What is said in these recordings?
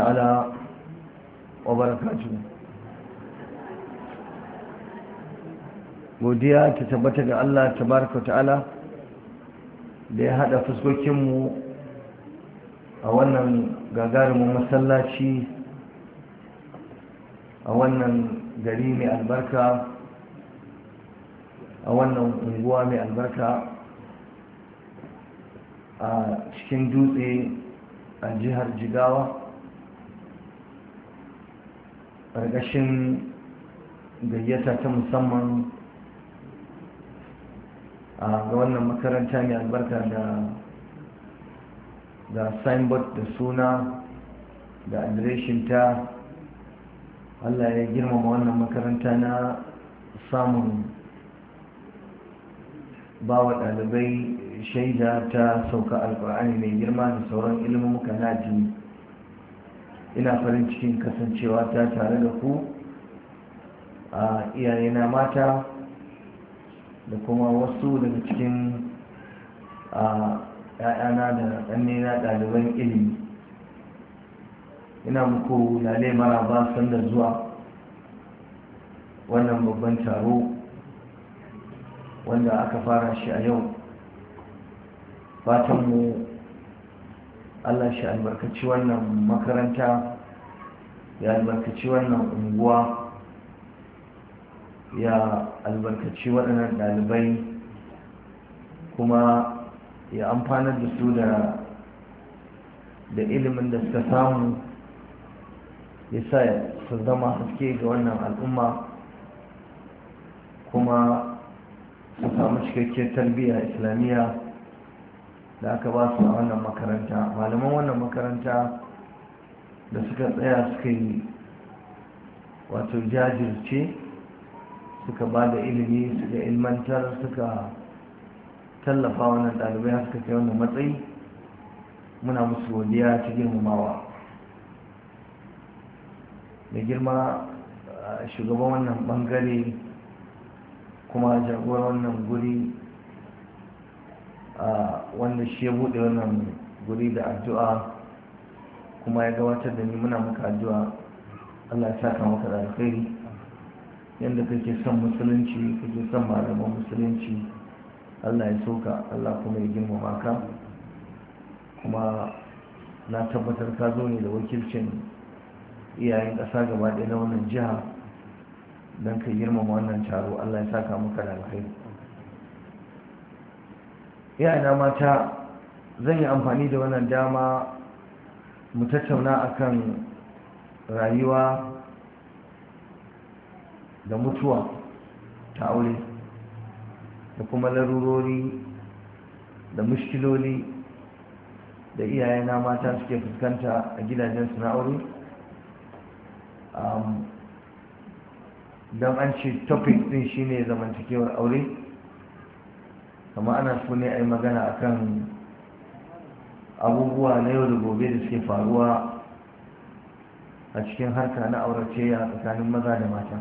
تعالى وبركاته godiya ta tabbata ga Allah tabaraka ta'ala da ya hada fuskokinmu a wannan gagarumin masallaci a wannan gari mai albarka a wannan unguwa mai albarka a cikin dutse a jihar jigawa ƙarƙashin gayyata ta musamman a ga wannan makaranta mai albarka da da signboard da suna da adireshin ta allah ya girmama wannan makaranta na samun ba wa ɗalibai shaida ta sauka alƙur'ani mai girma da sauran ilimin na addini ina farin cikin kasancewa ta tare da ku a iyayena mata da kuma wasu daga cikin a ‘ya'yana da ɗannena ɗaliban ilimi ina muku lale maraba sanda zuwa wannan babban taro wanda aka fara shi a yau fatanmu allah shi albarkaci wannan makaranta ya albarkaci wannan unguwa ya albarkaci waɗannan ɗalibai kuma ya amfanar da su da da ilimin da suka samu ya sa su zama haske ga wannan al'umma kuma su samu cikakkiyar tarbiyya islamiyya da aka ba su a wannan makaranta malaman wannan makaranta da suka tsaya suka yi wato jajirce suka ba da ilimi suka ilmantar suka tallafa wannan ɗalibai suka kai wannan matsayi muna musu godiya ta girmamawa da girma shugaban wannan bangare kuma jagoran wannan guri wanda shi ya buɗe wannan guri da addu'a kuma ya gabatar da ni muna maka addu'a Allah ya saka maka da alkhairi yadda kake son musulunci kake son malaman musulunci Allah ya soka Allah kuma ya girmama ka kuma na tabbatar ka zo ne da wakilcin iyayen ƙasa gaba ɗaya na wannan jiha don ka girmama wannan taro Allah ya saka maka da alkhairi yana mata zan yi amfani da wannan dama mu tattauna akan rayuwa da mutuwa ta aure da kuma larurori da mushkiloli da iyayena mata suke fuskanta a gidajensu na aure don an ce topic din shine zamantakewar aure kama ana so ne a yi magana kan abubuwa na yau da gobe da suke faruwa a cikin harka na aurace a tsakanin maza da mata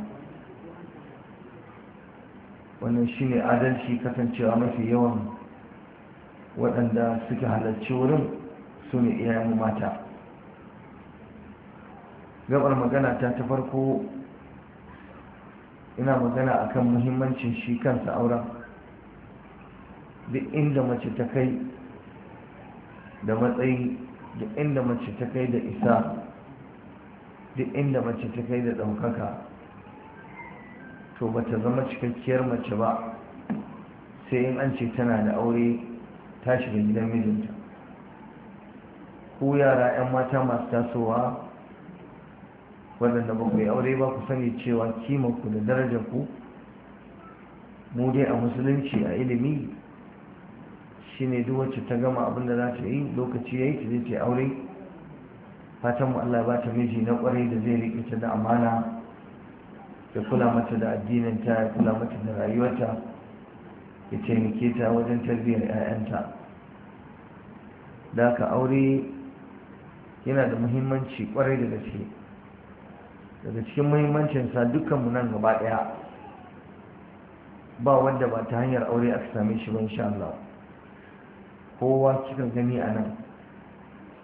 wannan shine adalci kasancewa mafi yawan waɗanda suke halarci wurin su ne iyayen mata gabar magana ta ta farko ina magana akan muhimmancin shi kansa auren duk inda mace ta kai da matsayi duk inda mace ta kai da isa duk inda mace ta kai da ɗaukaka to ba ta zama cikakkiyar mace ba sai in an ce tana da aure ta shiga gidan mijinta ko yara 'yan mata masu tasowa waɗanda ba ku yi aure ba ku sani cewa kimanku da darajar ku mu dai a musulunci a ilimi shine duk wacce ta gama abin da za ta yi lokaci ya yi ta zai ce aure fatanmu allah ba ta miji na kwarai da zai riƙe ta da amana ya kula mata da addininta ya kula mata da rayuwarta ya taimake ta wajen tarbiyyar 'ya'yanta da aka aure yana da muhimmanci kwarai da gaske daga cikin muhimmancinsa dukkanmu nan gaba ɗaya ba wanda ba ta hanyar aure aka same shi ba insha Allah kowa kika gani a nan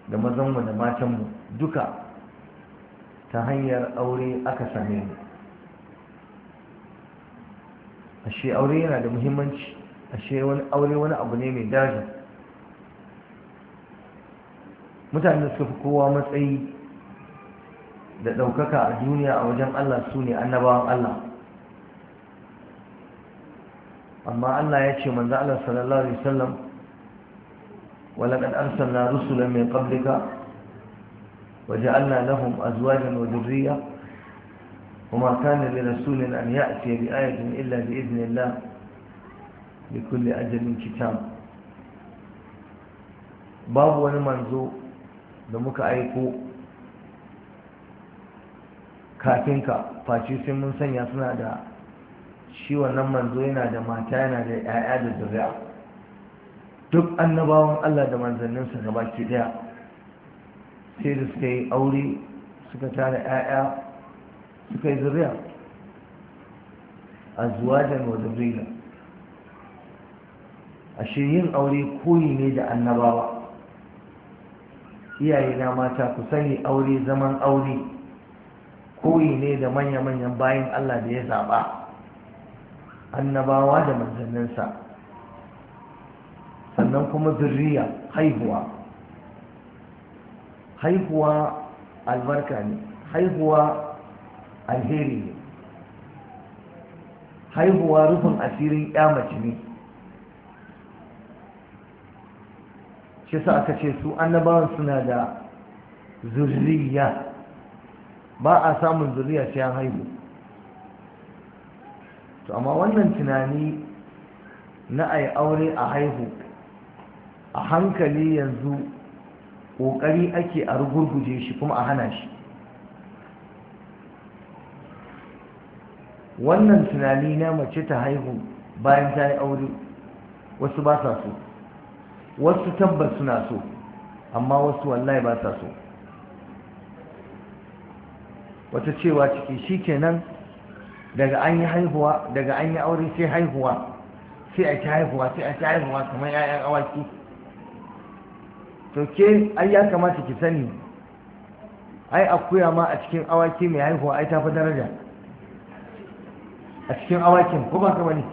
da mazanmu da matanmu duka ta hanyar aure aka same ni. ashe aure yana da muhimmanci ashe wani aure wani abu ne mai daji mutane da suka fi kowa matsayi da ɗaukaka a duniya a wajen allah su ne annabawan allah amma allah ya ce manza allah sallallahu alaihi wasallam ولقد أرسلنا رسلا من قبلك وجعلنا لهم أزواجا وذرية وما كان لرسول أن يأتي بآية إلا بإذن الله لكل أجل كتاب باب ونمنزو دمك أيكو kafinka face sai mun sanya suna da shi wannan manzo yana da mata yana da 'ya'ya da zuri'a duk annabawan Allah da manzanninsa gaba ke daya sai da suka yi aure suka tara 'ya'ya suka yi zuriya a zuwa da wadda ashe yin aure koyi ne da annabawa iyaye na mata ku sani aure zaman aure koyi ne da manya-manyan bayan Allah da ya zaɓa annabawa da manzanninsa sannan kuma zurriya haihuwa haihuwa albarka ne haihuwa alheri ne haihuwa rufin asirin mace ne shi sa aka ce su annabawan suna da zurriya ba a samun zurriya sai an haihu to amma wannan tunani na a yi aure a haihu a hankali yanzu ƙoƙari ake a rugurguje shi kuma a hana shi wannan tunani na mace ta haihu bayan ta yi aure wasu ba sa so wasu tabbas suna so amma wasu wallahi ba sa so wata cewa ciki shi kenan daga an yi haihuwa daga an yi aure sai haihuwa sai a ci haihuwa sai a ci haihuwa kamar 'ya'yan awaki to ke ai ya kamata ki sani ai akuya ma a cikin awaki mai haihuwa ai ta fi daraja a cikin awakin ko ba ka bane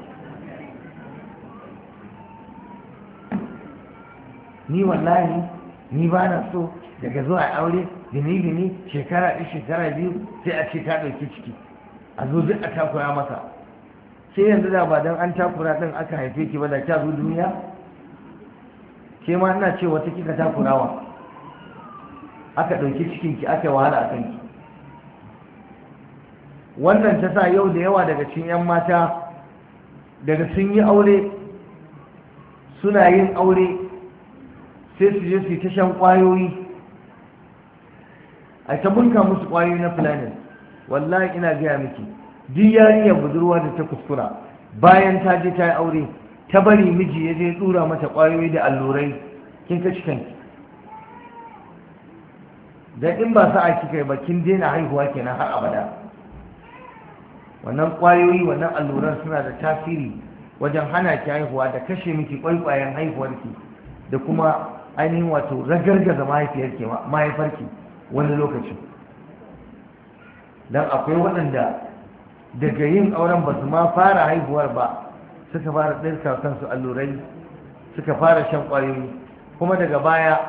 ni wallahi ni ba na so daga zuwa aure gini-gini shekara ɗin shekara biyu sai a ce ta ɗauki ciki a zo duk a takura masa sai yanzu da ba don an takura ɗin aka haife ki ba da ta zo duniya ke ma ina ce wata kika kurawa aka ɗauki cikinki aka wahala a kanki wannan ta sa yau da yawa daga cikin 'yan mata daga sun yi aure suna yin aure sai su je su yi tashan kwayoyi a ta bunka musu kwayoyi na fulani, wallahi ina gaya miki duk yariyar budurwa da ta kuskura bayan ta je ta yi aure ta bari miji ya je tsura mata ƙwayoyi da allurai kin ka kanki Don in ba sa'a kika yi ba kin daina haihuwa kenan har abada wannan ƙwayoyi wannan alluran suna da tasiri wajen hana ki haihuwa da kashe miki kwaikwayon haihuwarki da kuma ainihin wato ragargaza ga mahaifarki wani lokaci don akwai waɗanda daga yin auren ba su ma fara haihuwar ba suka fara ɗirka kansu allurai suka fara shan ƙwayoyi kuma daga baya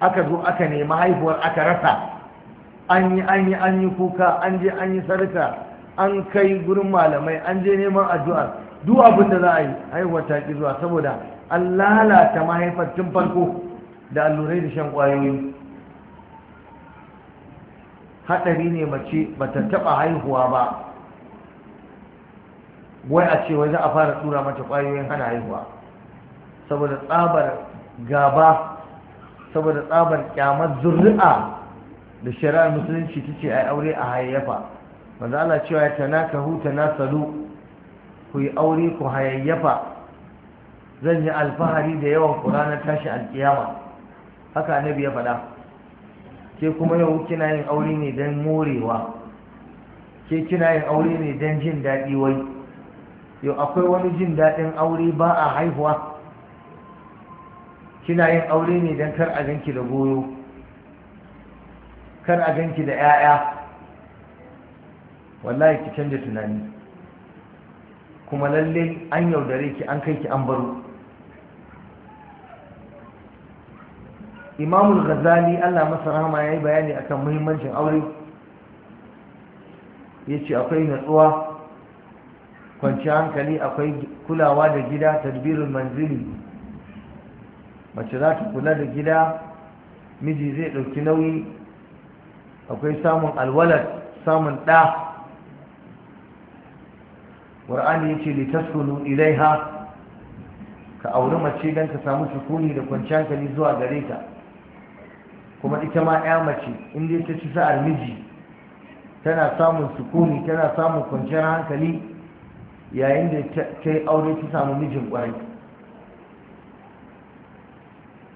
aka zo aka nemi haihuwar aka rasa an yi an yi an yi kuka an je an yi sarka an kai gurin malamai an je neman addu'a duk abin da za a yi haihuwar ta ki zuwa saboda an lalata mahaifar tun farko da allurai da shan ƙwayoyi haɗari ne mace bata taɓa haihuwa ba wai a ce wai za a fara tura mata kwayoyin hana haihuwa saboda tsabar gaba saboda tsabar kyamar zurri'a da shari'ar musulunci ta ce a aure a hayayyafa manzo cewa ya na salu ku yi aure ku hayayyafa zan yi alfahari da yawan ku tashi alkiyama haka annabi ya faɗa ke kuma yau kina yin aure ne don morewa ke kina yin aure ne don jin daɗi wai yau akwai wani jin daɗin aure ba a haihuwa kina yin aure ne don kar a ganki da goyo kar a ganki da 'ya'ya wallahi ki canja tunani kuma lalle an yaudare ki an kai ki an baro imamul ghazali allah masa rahama ya yi bayani akan muhimmancin aure ya ce akwai natsuwa kwanci hankali akwai kulawa da gida tadbirul manzili mace za ta kula da gida miji zai ɗauki nauyi akwai samun alwalar samun ɗa ƙwar'ani ya ce litaskunu ilaiha ka auri mace don ka samu sukuni da kwanci hankali zuwa gare ta kuma ita ma 'ya mace inda ta ci sa'ar miji tana samun sukuni tana samun kwanciyar hankali yayin da ta yi aure ta samu mijin kwarai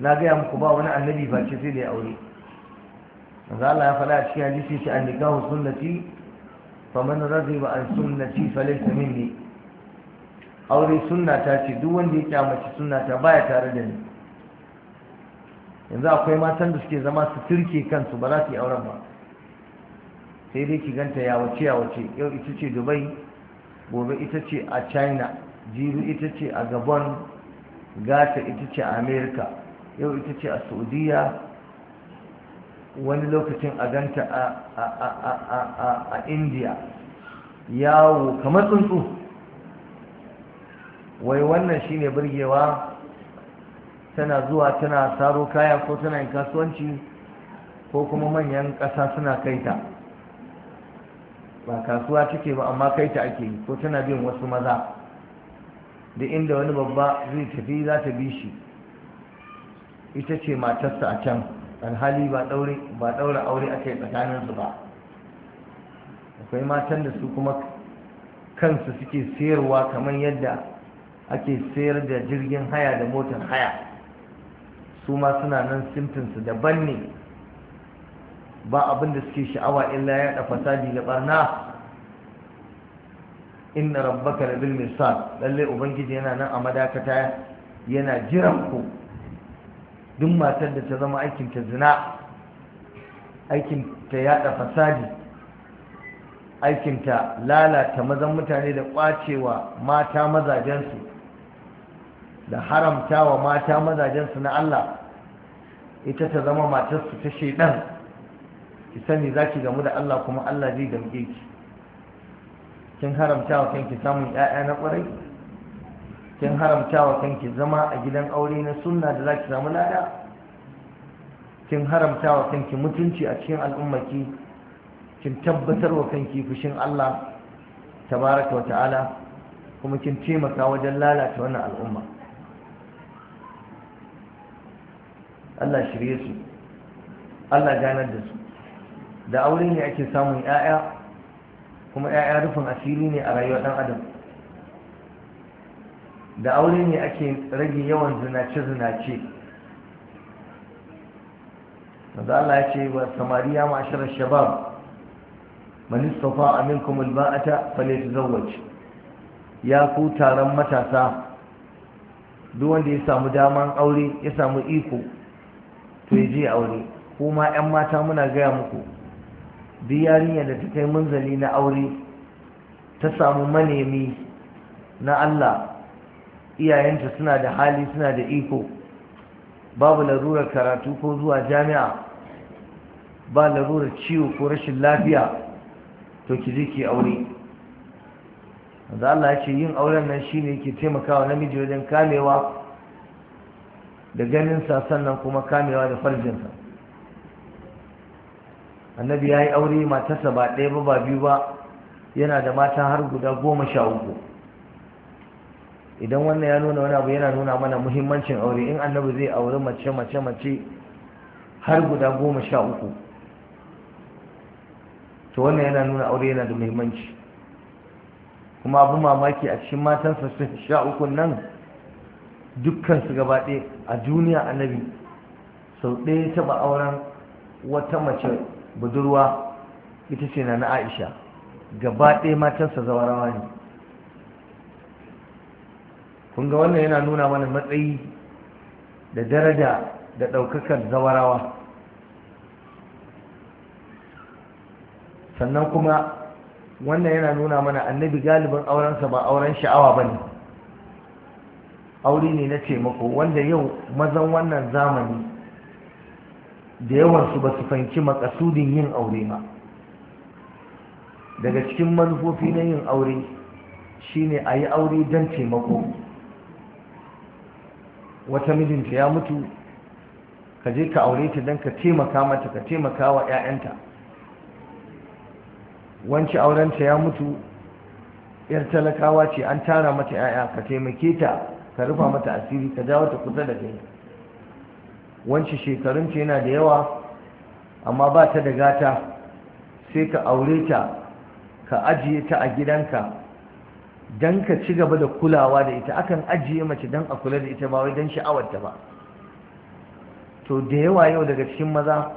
na gaya muku ba wani annabi ba ce sai da ya aure manzo Allah ya fada a cikin hadisi shi an nikahu sunnati faman ba an sunnati falaysa minni aure sunna ta ce duk wanda ya kyamaci sunna ta baya tare da ni yanzu akwai matan da suke zama su turke kansu ba za su yi auren ba sai dai ki ganta ya yawace ya yau ita ce dubai gobe ita ce a china jibi ita ce a gabon gata ita ce a america yau ita ce a saudiya wani lokacin a ganta a india yawo kamar tsuntsu wai wannan shine birgewa? tana zuwa tana saro kaya ko tana yin kasuwanci ko kuma manyan ƙasa suna kaita ba kasuwa take ba amma kai ta ake yi ko tana bin wasu maza da inda wani babba zai tafi za ta bi shi ita ce matarsa a can alhali ba ɗaura aure aka tsakanin su ba akwai matan da su kuma kansu suke sayarwa kamar yadda ake sayar da jirgin haya da motar haya su ma suna nan simtinsu daban ne ba abin da suke sha'awa illa ya da fasadi da barna inna rabbaka la bil lalle ubangiji yana nan a madakata yana jiran ku duk matar da ta zama aikin ta zina aikin ta yada fasadi aikin ta lalata mazan mutane da kwacewa mata mazajensu da haramtawa mata mazajensu na Allah ita ta zama matarsu ta shedan ki sani za ki gamu da Allah kuma Allah zai damke ki kin haramta wa kanki samun ƴaƴa na ƙwarai kin haramta wa kanki zama a gidan aure na sunna da za ki samu lada kin haramta wa kanki mutunci a cikin al'ummaki kin tabbatar wa kanki fushin Allah tabaraka wa ta'ala kuma kin taimaka wajen lalata wannan al'umma Allah shirye su Allah ganar da su da aure ne ake samun 'ya'ya kuma 'ya'ya rufin asiri ne a rayuwar ɗan adam da aure ne ake rage yawan zinace-zinace maza Allah ya ce wa samariya ma'ashirar shabab manistofa amin kuma ba'ata falaita zawaj ya ku taron matasa duk wanda ya samu daman aure ya samu iko to ya je aure kuma 'yan mata muna gaya muku duk yarinyar da ta kai munzali na aure ta samu manemi na Allah iyayenta suna da hali suna da iko babu larurar karatu ko zuwa jami'a ba larurar ciwo ko rashin lafiya to ki je ki aure da Allah ya ce yin auren nan shine ke taimakawa namiji wajen kamewa da ganinsa sannan kuma kamewa da farjinsa annabi ya yi aure matarsa ba ɗaya ba ba biyu ba yana da mata har guda goma sha uku idan wannan ya nuna wani abu yana nuna mana muhimmancin aure in annabi zai aure mace mace mace har guda goma sha uku to wannan yana nuna aure yana da muhimmanci kuma abu mamaki a cikin matansa sun sha uku nan dukkansu gaba ɗaya a duniya annabi sau ɗaya taɓa auren wata mace budurwa ita ce na Aisha gaba ɗaya matarsa zawarawa ne kun ga wannan yana nuna mana matsayi da daraja da ɗaukakar zawarawa sannan kuma wannan yana nuna mana annabi galibin aurensa ba auren sha'awa ba ne aure ne na taimako wanda yau mazan wannan zamani da yawansu ba su fahimci makasudin yin aure ba daga cikin manufofi na yin aure shine a yi aure don taimako wata mijinta ya mutu ka je ka aure ta don ka taimaka mata ka taimaka wa 'ya'yanta wanci aurenta ya mutu 'yar talakawa ce an tara mata 'ya'ya ka taimake ta ka rufa mata asiri ka jawo ta kusa da kai wancan shekarun ce yana da yawa amma ba ta da gata sai ka aure ta ka ajiye ta a gidanka don ka ci gaba da kulawa da ita akan ajiye mace don a kula da ita ba wai don sha'awarta ba to da yawa yau daga cikin maza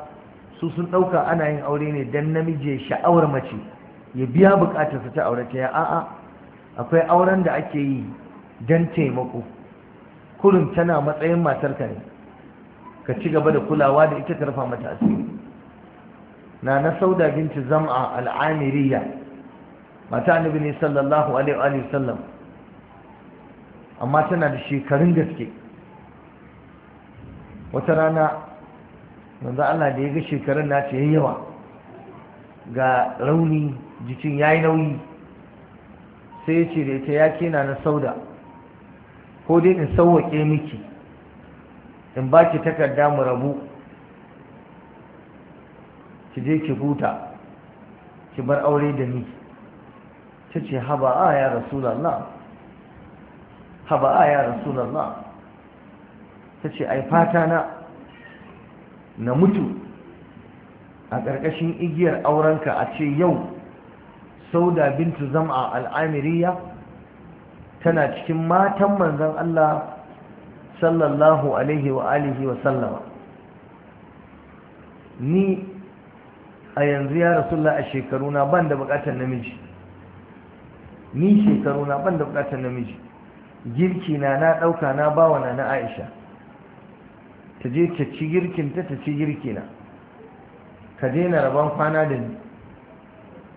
su sun ɗauka ana yin aure ne don namiji ya sha'awar mace ya biya bukatarsa ta aure ta ya a'a akwai auren da ake yi don taimako kurum tana matsayin matarka ne ka ci gaba da kulawa da ita ta rufa mata asiri na na sauda binci zam'a al'amiriya mata annabi ne sallallahu alaihi wa sallam amma tana da shekarun gaske wata rana manzo Allah da ya ga shekarun na ce yawa ga rauni jikin yayi nauyi sai ya ce da ita ya ke na sauda ko dai in sauwake miki in ba ki takarda mu rabu ki je ki huta ki bar aure da ni ta ce haba a ya rasulallah haba a ya rasulallah ta ce ai fata na na mutu a ƙarƙashin igiyar aurenka a ce yau sauda bintu zama al'amiriya tana cikin matan manzan Allah sallallahu alaihi wa alihi wa sallama ni a yanzu ya rasulullah a shekaruna ban da bukatar namiji ni shekaruna ban da bukatar namiji girki na na dauka na bawa na na Aisha ta je ta ci girkin ta ta ci girki na ka daina rabon kwana da ni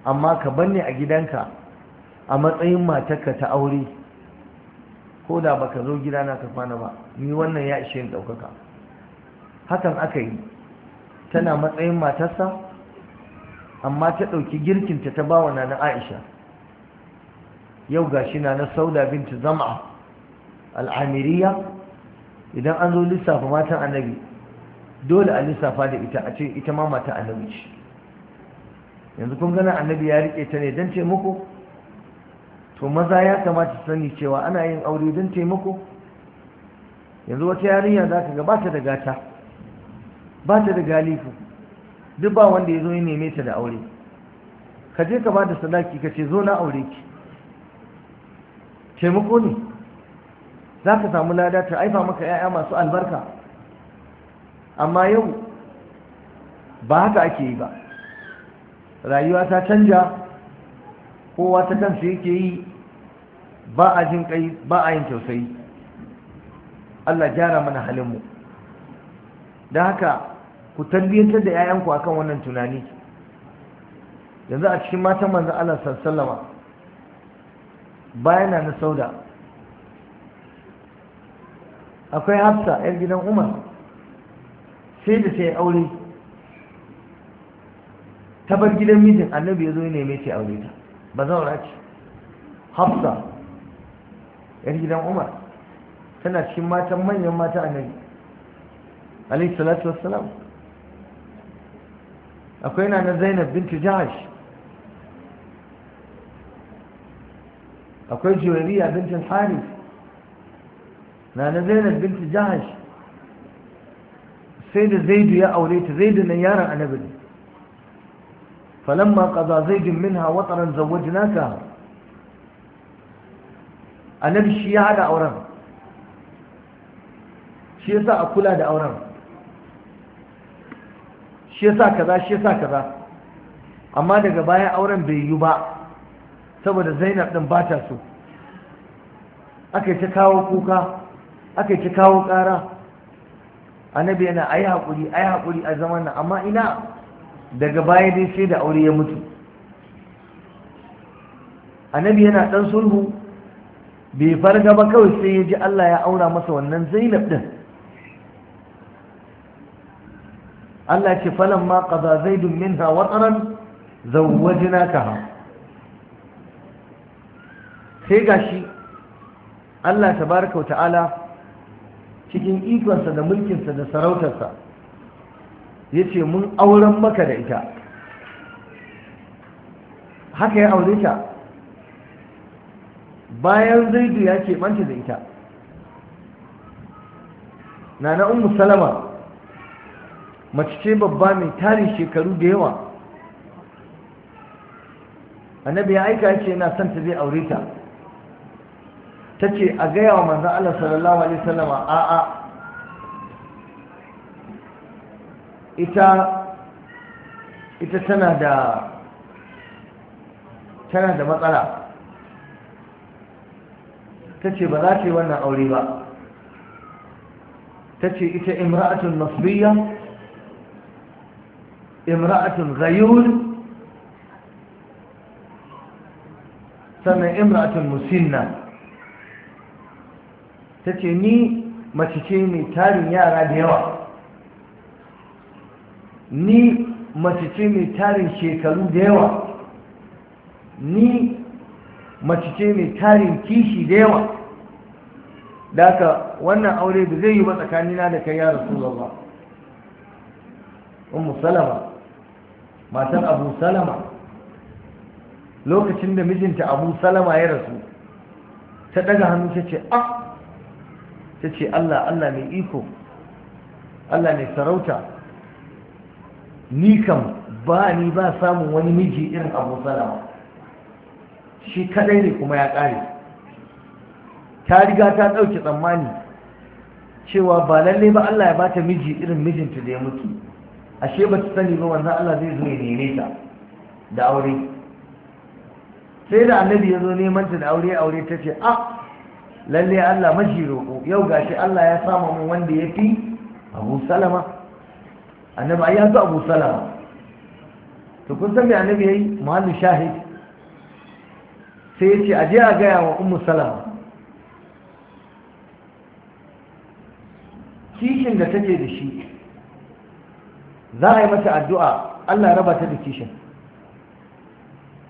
amma ka banne a gidanka a matsayin matarka ta aure ko da baka zo gidana ka kwana ba ni wannan ya ishe ni ɗaukaka hakan aka yi tana matsayin matarsa amma ta ɗauki girkinta ta bawa na na aisha yau gashi na na sauda binti zama al'amiriya idan an zo lissafa matan annabi dole a lissafa da ita a ce ita ma mata annabi ce yanzu kun gana annabi ya rike ta ne don ce muku to maza ya kamata sani cewa ana yin aure don taimako yanzu wata yarinya za ka gabata da gata ba ta da galifu duk ba wanda ya zo ya neme ta da aure ka je ka ba da sadaki ka ce zo na aure ki taimako ne za ka samu lada ta aifa maka 'ya'ya masu albarka amma yau ba haka ake yi ba rayuwa ta canja kowa ta kansa yake yi ba a jin kai ba a yin tausayi Allah gyara mana halin mu. don haka ku tarbiyyantar da 'ya'yanku akan wannan tunani yanzu a cikin matan manzan Allah sallama bayan na sauda akwai hafsa 'yar gidan umar sai da sai aure ta bar gidan mijin annabi ya zo ya neme ce aure ta ba zaura ce hafsa yar gidan umar tana cikin matan manyan mata a annabi alayhi salatu wassalam akwai na zainab bintu jahash akwai juwariya bintin harif na na zainab bintin jahash sai da zaidu ya aure ta zaidu na yaran annabi فلما قضى زيد منها وطرا زوجناكها annabi shi ya hada auren shi yasa a kula da auren shi yasa kaza shi yasa kaza amma daga baya auren bai yi ba saboda zainab din ba ta so aka yi ta kawo kuka aka yi ta kawo ƙara annabi yana a yi haƙuri a yi haƙuri a zaman nan amma ina daga baya dai sai da aure ya mutu annabi yana ɗan sulhu bai farga ba kawai sai ya ji Allah ya aura masa wannan zainab din Allah ce falon ma qaza zaidun minha wataran zawwajnakaha sai gashi Allah tabaaraka ta'ala cikin ikonsa da mulkinsa da sarautarsa yace mun auren maka da ita haka ya aure ta bayan zaidu ya ce manta da ita na na umu salama mace ce babba mai tarin shekaru da yawa annabi ya aika ce yana son ta zai aure ta ta ce a gaya wa manzan Allah sallallahu alaihi a a'a ita ita tana da tana da matsala ta ce ba za ta yi wannan aure ba ta ce ita imra'atun nasriya imra'atun ghayun sannan imra'atun musinna ta ce ni mace ce mai tarin yara da yawa ni mace ce mai tarin shekaru da yawa ni mace ce mai tarin kishi da yawa da wannan aure da zai yi ba tsakanina da kai ya rasu rasulullah umu salama matan abu salama lokacin da mijinta abu salama ya rasu ta daga hannu ta ce a ah! ta ce allah allah mai iko allah mai sarauta nikan kam ba ni ba samun wani miji irin abu salama shi kadai ne kuma ya ƙare. ta riga ta ɗauke tsammani cewa ba lalle ba Allah ya ba ta miji irin mijinta da ya mutu ashe ba ta sani ba wannan Allah zai zo ya nene ta da aure sai da annabi ya zo neman ta da aure aure ta ce a ah, lalle Allah mashi roƙo yau gashi Allah ya samu mun wanda ya fi Abu Salama annabi ai ya zo Abu Salama to kun san me annabi yayi muhallu shahid sai ya ce aje a gaya wa Ummu Salama kishin da take da shi za a yi mata addu'a Allah raba ta da kishin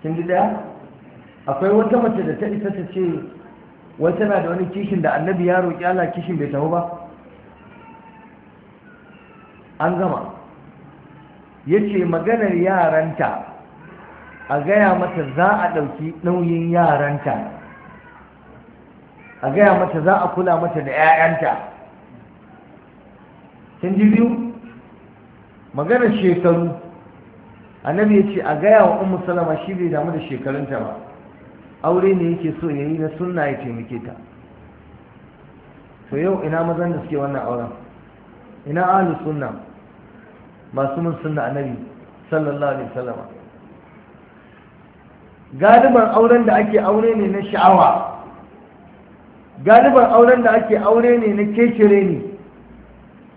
kin ji daya akwai wata mace da ta isa ta ce wai tana da wani kishin da annabi ya roƙi Allah kishin bai tafi ba an gama ya ce maganar yaranta a gaya mata za a ɗauki nauyin yaranta a gaya mata za a kula mata da 'ya'yanta Sun ji biyu maganar shekaru annabi ya ce a gaya wa umar salama shi bai damu da shekarunta ba aure ne yake so ya yi na sunna ya taimake ta to yau ina mazan da suke wannan auren ina ahlu sunna masu mun sunna annabi sallallahu alaihi wasallam galibar auren da ake aure ne na sha'awa galibar auren da ake aure ne na kekere ne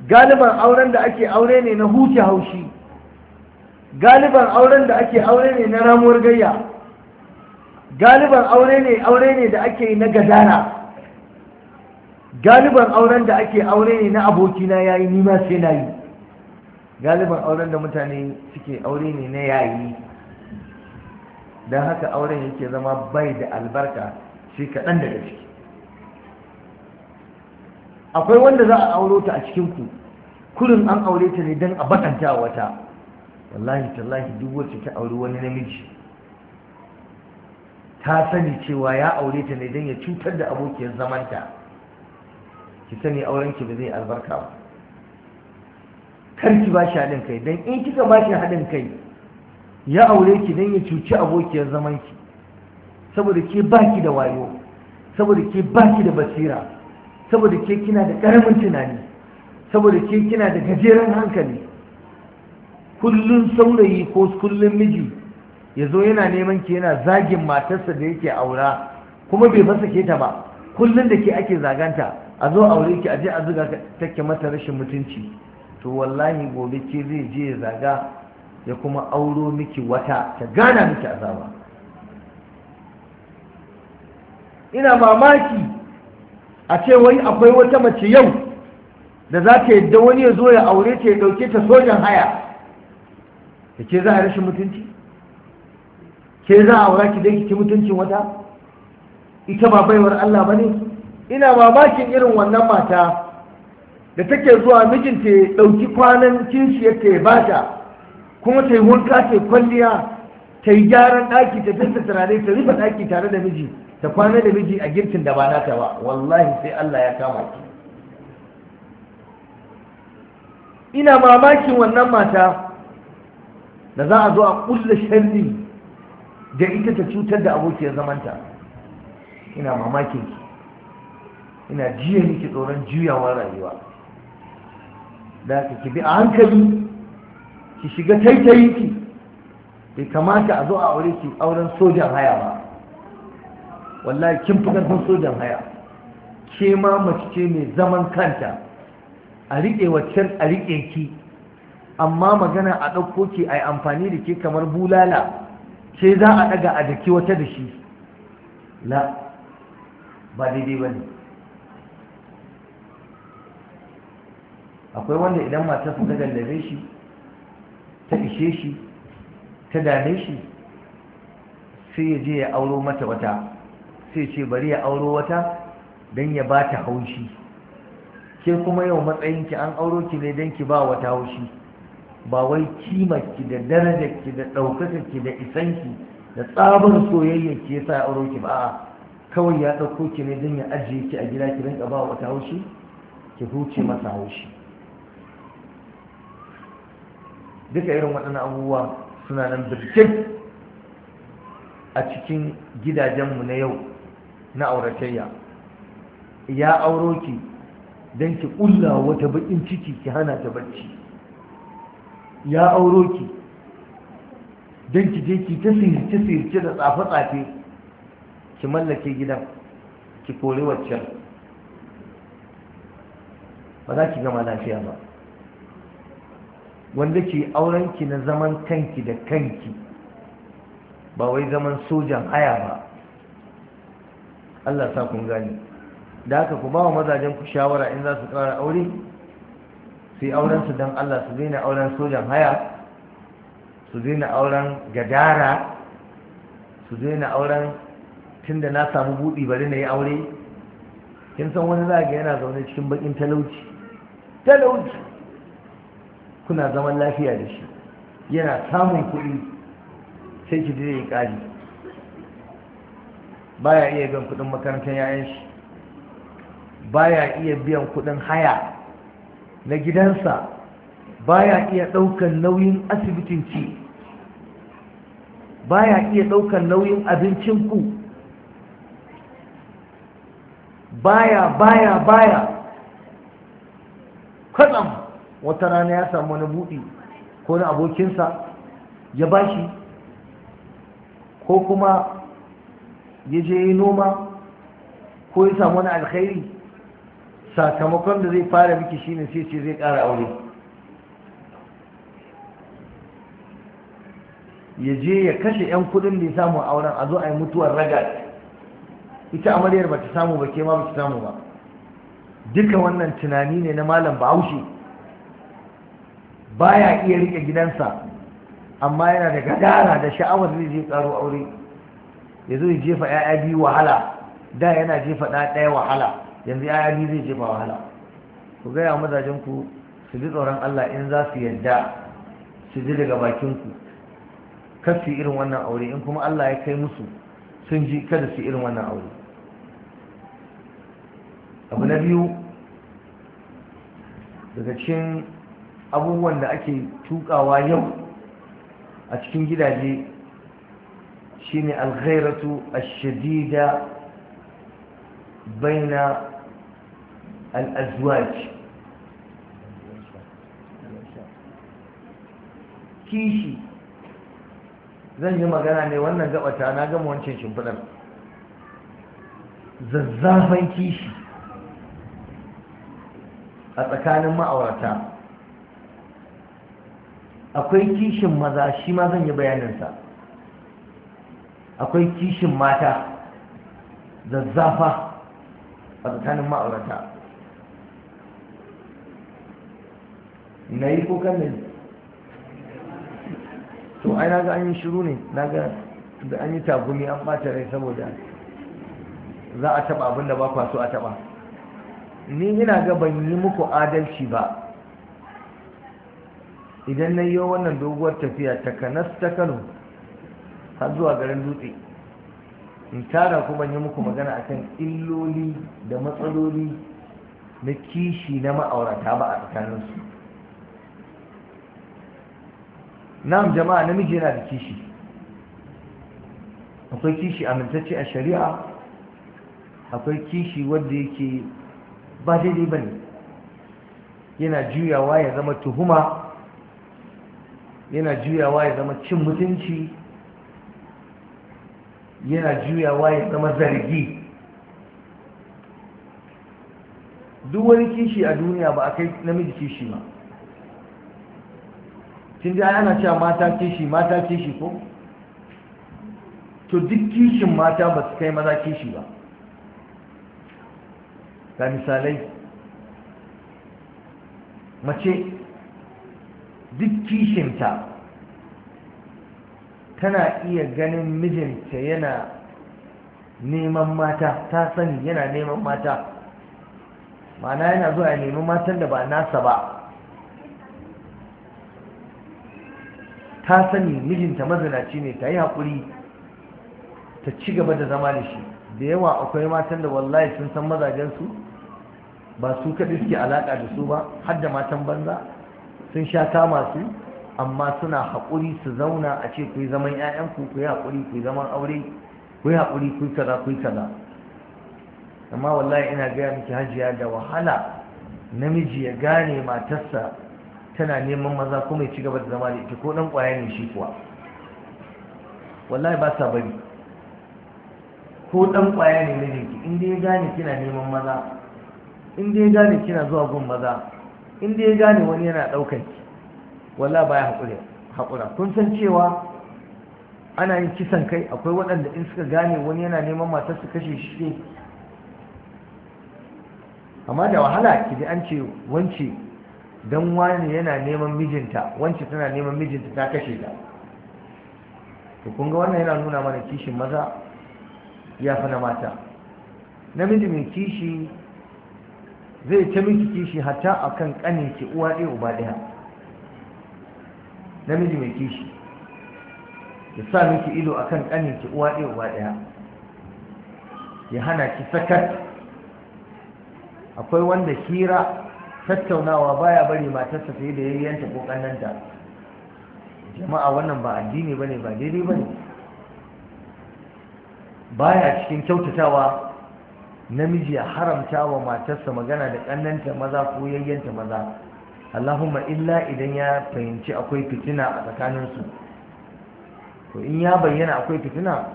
galiban auren da ake aure ne na huce haushi galiban auren da ake aure ne na ramuwar gayya galiban aure ne aure ne da ake na gadara galiban auren da ake aure ne na abokina yayi ni ma sai na yi galiban auren da mutane suke aure ne na yayi don haka auren yake zama bai da albarka sai kaɗan daga ciki akwai wanda za a auro ta a cikinku kurin an aure ta ne don a bakanta wata wallahi tallahi duk wacce ta auri wani namiji ta sani cewa ya aure ta ne don ya cutar da abokiyar zamanta ki sani aurenki ba zai albarka ba kar ki ba shi haɗin kai don in kika ba shi haɗin kai ya aure ki don ya cuci abokiyar zamanki saboda ke baki da wayo saboda ke baki da basira saboda ke kina da ƙaramin tunani saboda ke kina da gajeren hankali kullum saurayi ko kullum miji ya zo yana neman ki yana zagin matarsa da yake aura kuma bai fasa ke ta ba kullum da ke ake zaganta a zo aure ki aje a zuga take mata rashin mutunci to wallahi gobe ke zai je ya zaga ya kuma auro miki wata ta gana miki azaba ina mamaki a ce wai akwai wata mace yau da za ta yadda wani ya zo ya aure ta ya ɗauke ta sojan haya da ke za a rashin mutunci ke za a aura ki dai ki mutuncin wata ita ba baiwar Allah ba ne ina mamakin irin wannan mata da take zuwa mijinta ya ɗauki kwanan ya ta ya bata kuma ta yi wanka ta yi kwalliya ta yi gyaran ɗaki ta fesa turare ta rufe ɗaki tare da miji ta kwana da miji a girkin da ba ta ba wallahi sai Allah ya kama ki ina mamakin wannan mata da za a zo a kulle shirin da ita ta cutar da abokiyar zamanta ina mamakin ki ina jiya tsoron juyawar rayuwa da ka ki bi a hankali ki shiga taitayi ki, bai kamata a zo a aure ki auren sojan haya ba wallahi kin fi karfin sojan haya ke ma mace ce mai zaman kanta a riƙe waccan a riƙe ki amma magana a ɗauko ki a yi amfani da ke kamar bulala sai za a ɗaga a jaki wata da shi la ba daidai ba ne akwai wanda idan su ta gallabe shi ta ishe shi ta dame shi sai ya je ya auro mata wata sai ce bari ya auro wata don ya ba ta haushi ke kuma yau matsayin ki an auro ki ne don ki ba wata haushi ba wai ki, da ki da ki, da ki, da tsabar soyayya ya sa auro ki ba kawai ya ɗauko ki ne don ya ajiye ki a gida ki rinka ba wata haushi ki huce masa haushi duka irin waɗannan abubuwa suna nan birkin a cikin gidajenmu na yau na auratayya ya auro ki don ki kulla wata bakin ciki ki hana ta bacci ya auro ki don ki je ki ta sirce sirce da tsafe tsafe ki mallake gidan ki kori waccan ba za ki gama lafiya ba wanda ke aurenki na zaman kanki da kanki ba wai zaman sojan haya ba Allah sa kun gani da haka ku ba wa mazajen ku shawara in za su ƙara aure su yi auren su don Allah su zina auren sojan haya su zina auren gadara su zina auren tunda na samu buɗi bari na yi aure kin san wani zaga yana zaune cikin bakin talauci talauci kuna zaman lafiya da shi yana samun kuɗi sai ki dire ya ƙari ya iya gan kuɗin makarantar 'ya'yan shi baya iya biyan kudin haya na gidansa baya iya daukan nauyin asibitin ci baya iya daukan nauyin abincin ku baya baya baya kwatsam wata rana ya samu wani buɗi ko na abokinsa ya bashi ko kuma ya je yi noma ko ya samu wani alkhairi sakamakon da zai fara miki shine sai ce zai ƙara aure ya je ya kashe 'yan kudin da ya samu auren a zo a yi mutuwar raga ita amaryar ba ta samu ba ke ma ba ta samu ba duka wannan tunani ne na malam bahaushe ya iya rike gidansa amma yana da gadara da sha'awar zai je karo aure ya zo ya jefa 'ya'ya biyu wahala da yana jefa ɗaya wahala yanzu yaya biyu zai jefa wahala ku gaya mazajen ku su ji tsoron Allah in za su yadda su ji daga bakin ku kar su irin wannan aure in kuma Allah ya kai musu sun ji kada su irin wannan aure abu na biyu daga cikin abubuwan da ake tukawa yau a cikin gidaje shine alkhairatu ash baina الأزواج kishi zan yi magana ne wannan gabata na gama wancan shimfiɗar zazzafan kishi a tsakanin ma'aurata akwai kishin maza shi ma zan yi bayaninsa akwai kishin mata zazzafa a tsakanin ma'aurata na yi ko kan to ai naga an yi shiru ne naga da an yi tagumi an bata rai saboda za a taɓa abinda ba kwa a taba ni ina ga ban yi muku adalci ba idan na yi wannan doguwar tafiya ta kanas ta kano har zuwa garin dutse in tara ku ban yi muku magana akan illoli da matsaloli na kishi na ma'aurata ba a tsakaninsu nam jama'a namiji yana da kishi akwai kishi amintacce a shari'a akwai kishi wanda yake ba daidai ba ne yana juyawa ya zama tuhuma yana juyawa ya zama cin mutunci yana juyawa ya zama zargi duk wani kishi a duniya ba a kai namiji kishi ba kin ji ana cewa mata kishi mata kishi ko to duk kishin mata ba su kai maza kishi ba ga misalai mace duk kishinta tana iya ganin mijinta yana neman mata ta sani yana neman mata ma'ana yana zuwa ya nemi matan da ba nasa ba ta sani mijinta mazinaci ne ta yi haƙuri ta ci gaba da zama da shi da yawa akwai matan da wallahi sun san mazajensu ba su kaɗi suke alaƙa da su ba har da matan banza sun sha kama su amma suna haƙuri su zauna a ce ku yi zaman 'ya'yanku ku haƙuri ku zaman aure ku yi haƙuri ku yi kaza ku kaza amma wallahi ina gaya miki hajiya da wahala namiji ya gane matarsa tana neman maza kuma ya ci gaba da zama da ita ko dan kwaya ne shi kuwa wallahi ba sa bari ko dan kwaya ne mijinki in dai ya gane kina neman maza in dai ya gane kina zuwa gun maza in dai ya gane wani yana ɗaukan ki wallahi baya hakuri hakura kun san cewa ana yin kisan kai akwai waɗanda in suka gane wani yana neman matar su kashe shi amma da wahala ki an ce wance don wani yana neman mijinta wance tana neman mijinta ta kashe ta to kun ga wannan yana nuna mana kishin maza ya fi na mata namiji mai kishi zai ta miki kishi hatta a kan ƙaninki uwa ɗaya uba ɗaya namiji mai kishi ya sa miki ido a kan ƙaninki uwa ɗaya uba ɗaya ya hana ki sakat akwai wanda hira tattaunawa baya bari matarsa ta yi da yayyanta ko kananta jama'a wannan ba addini bane ba daidai bane baya cikin kyautatawa namiji ya haramta wa matarsa magana da kannanta maza ko yayyanta maza Allahumma illa idan ya fahimci akwai fitina a tsakaninsu to in ya bayyana akwai fitina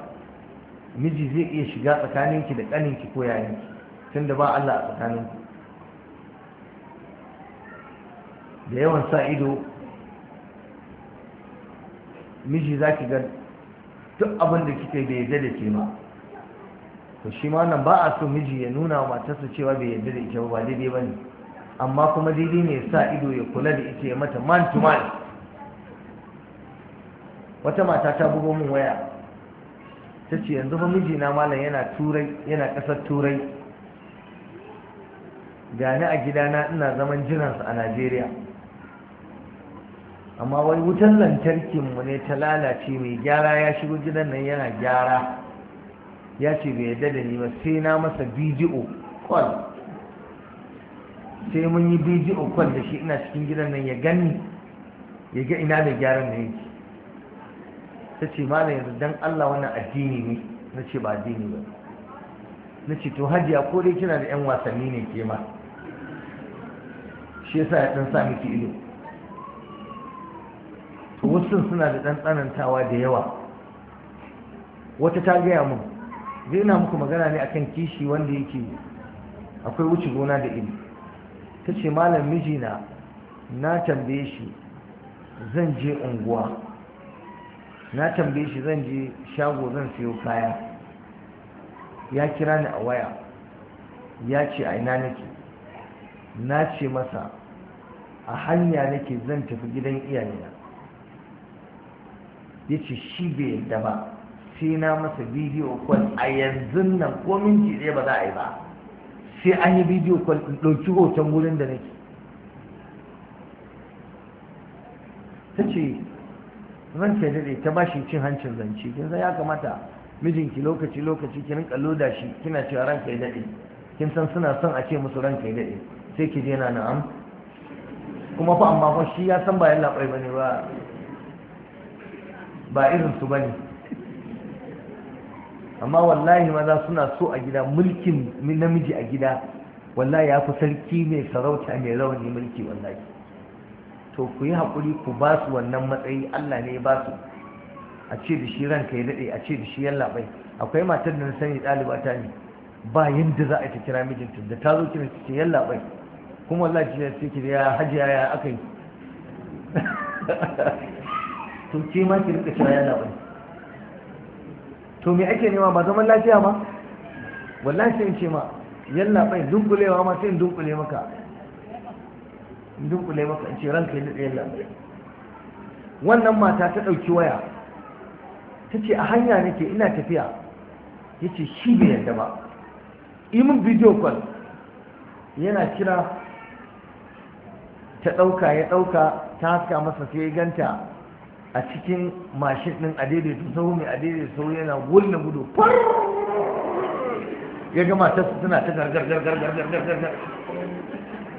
miji zai iya shiga tsakaninki da kaninki ko yayinki tunda ba Allah a tsakaninku da yawan sa ido miji za ki ga duk abinda da kika bai yadda da ke ba to shi ma wannan ba a so miji ya nuna wa matarsa cewa bai yadda da ita ba daidai ba ne amma kuma daidai ne sa ido ya kula da ita ya mata man to man wata mata ta bugo min waya ta ce yanzu fa mijina malam yana turai yana ƙasar turai gani a gidana ina zaman jiransa a najeriya amma wai wutan lantarkinmu ne ta lalace mai gyara ya shigo gidan nan yana gyara ya ce bai yadda da ni ba sai na masa bidiyo kwal sai mun yi bidiyo kwal da shi ina cikin gidan nan ya gani ya ga ina da gyaran da yake ta ce ma yanzu don allah wannan addini ne na ce ba addini ba na ce to hajiya ko dai kina da 'yan wasanni ne ke ma shi yasa ya ɗan sa miki ido wasu suna da tsanantawa da yawa wata ta gaya mun zai muku magana ne akan kishi wanda yake akwai wuce gona da iri ta ce malam mijina na tambaye shi zan je unguwa na tambaye shi zan je shago zan siyo kaya ya kira ni a waya ya ce a ina nake na ce masa a hanya nake zan tafi gidan iyayena ya ce shi bai yadda ba sai na masa bidiyo kwal a yanzu nan ko minti ɗaya ba za a yi ba sai an yi bidiyo kwal in ɗauki hoton wurin da nake ta ce zan ce daɗe ta ba shi cin hancin zance kin san ya kamata mijinki lokaci lokaci ki rinka loda shi kina cewa ranka ya daɗe kin san suna son a ce musu ranka ya daɗe sai ki je na na'am kuma fa amma fa shi ya san ba yalla bai bane ba ba irin su bane amma wallahi maza suna so a gida mulkin namiji a gida wallahi ya fi sarki mai sarauta mai rauni mulki wallahi to ku yi haƙuri ku ba su wannan matsayi Allah ne ba su a ce da shi ranka ya daɗe a ce da shi yalla bai akwai matar da na sani ɗaliba ta ne ba yadda za a ta kira mijinta da ta zo kira ce yalla bai kuma wallahi ce ya hajiya ya aka yi to ke ma ki rika kira yana bai to me ake nema ba zaman lafiya ma wallahi sai in ce ma yalla bai dunkulewa ma sai in dunkule maka in dunkule maka in ce ranka yi da yalla wannan mata ta ɗauki waya ta ce a hanya nake ina tafiya ya ce shi bai yadda ba imin bidiyo kwal yana kira ta ɗauka ya ɗauka ta haska masa sai ya ganta a cikin mashin din a daidaita sahu mai a daidai sahu yana gulla gudu ya ga matarsa suna ta gargar gargar gargar gargar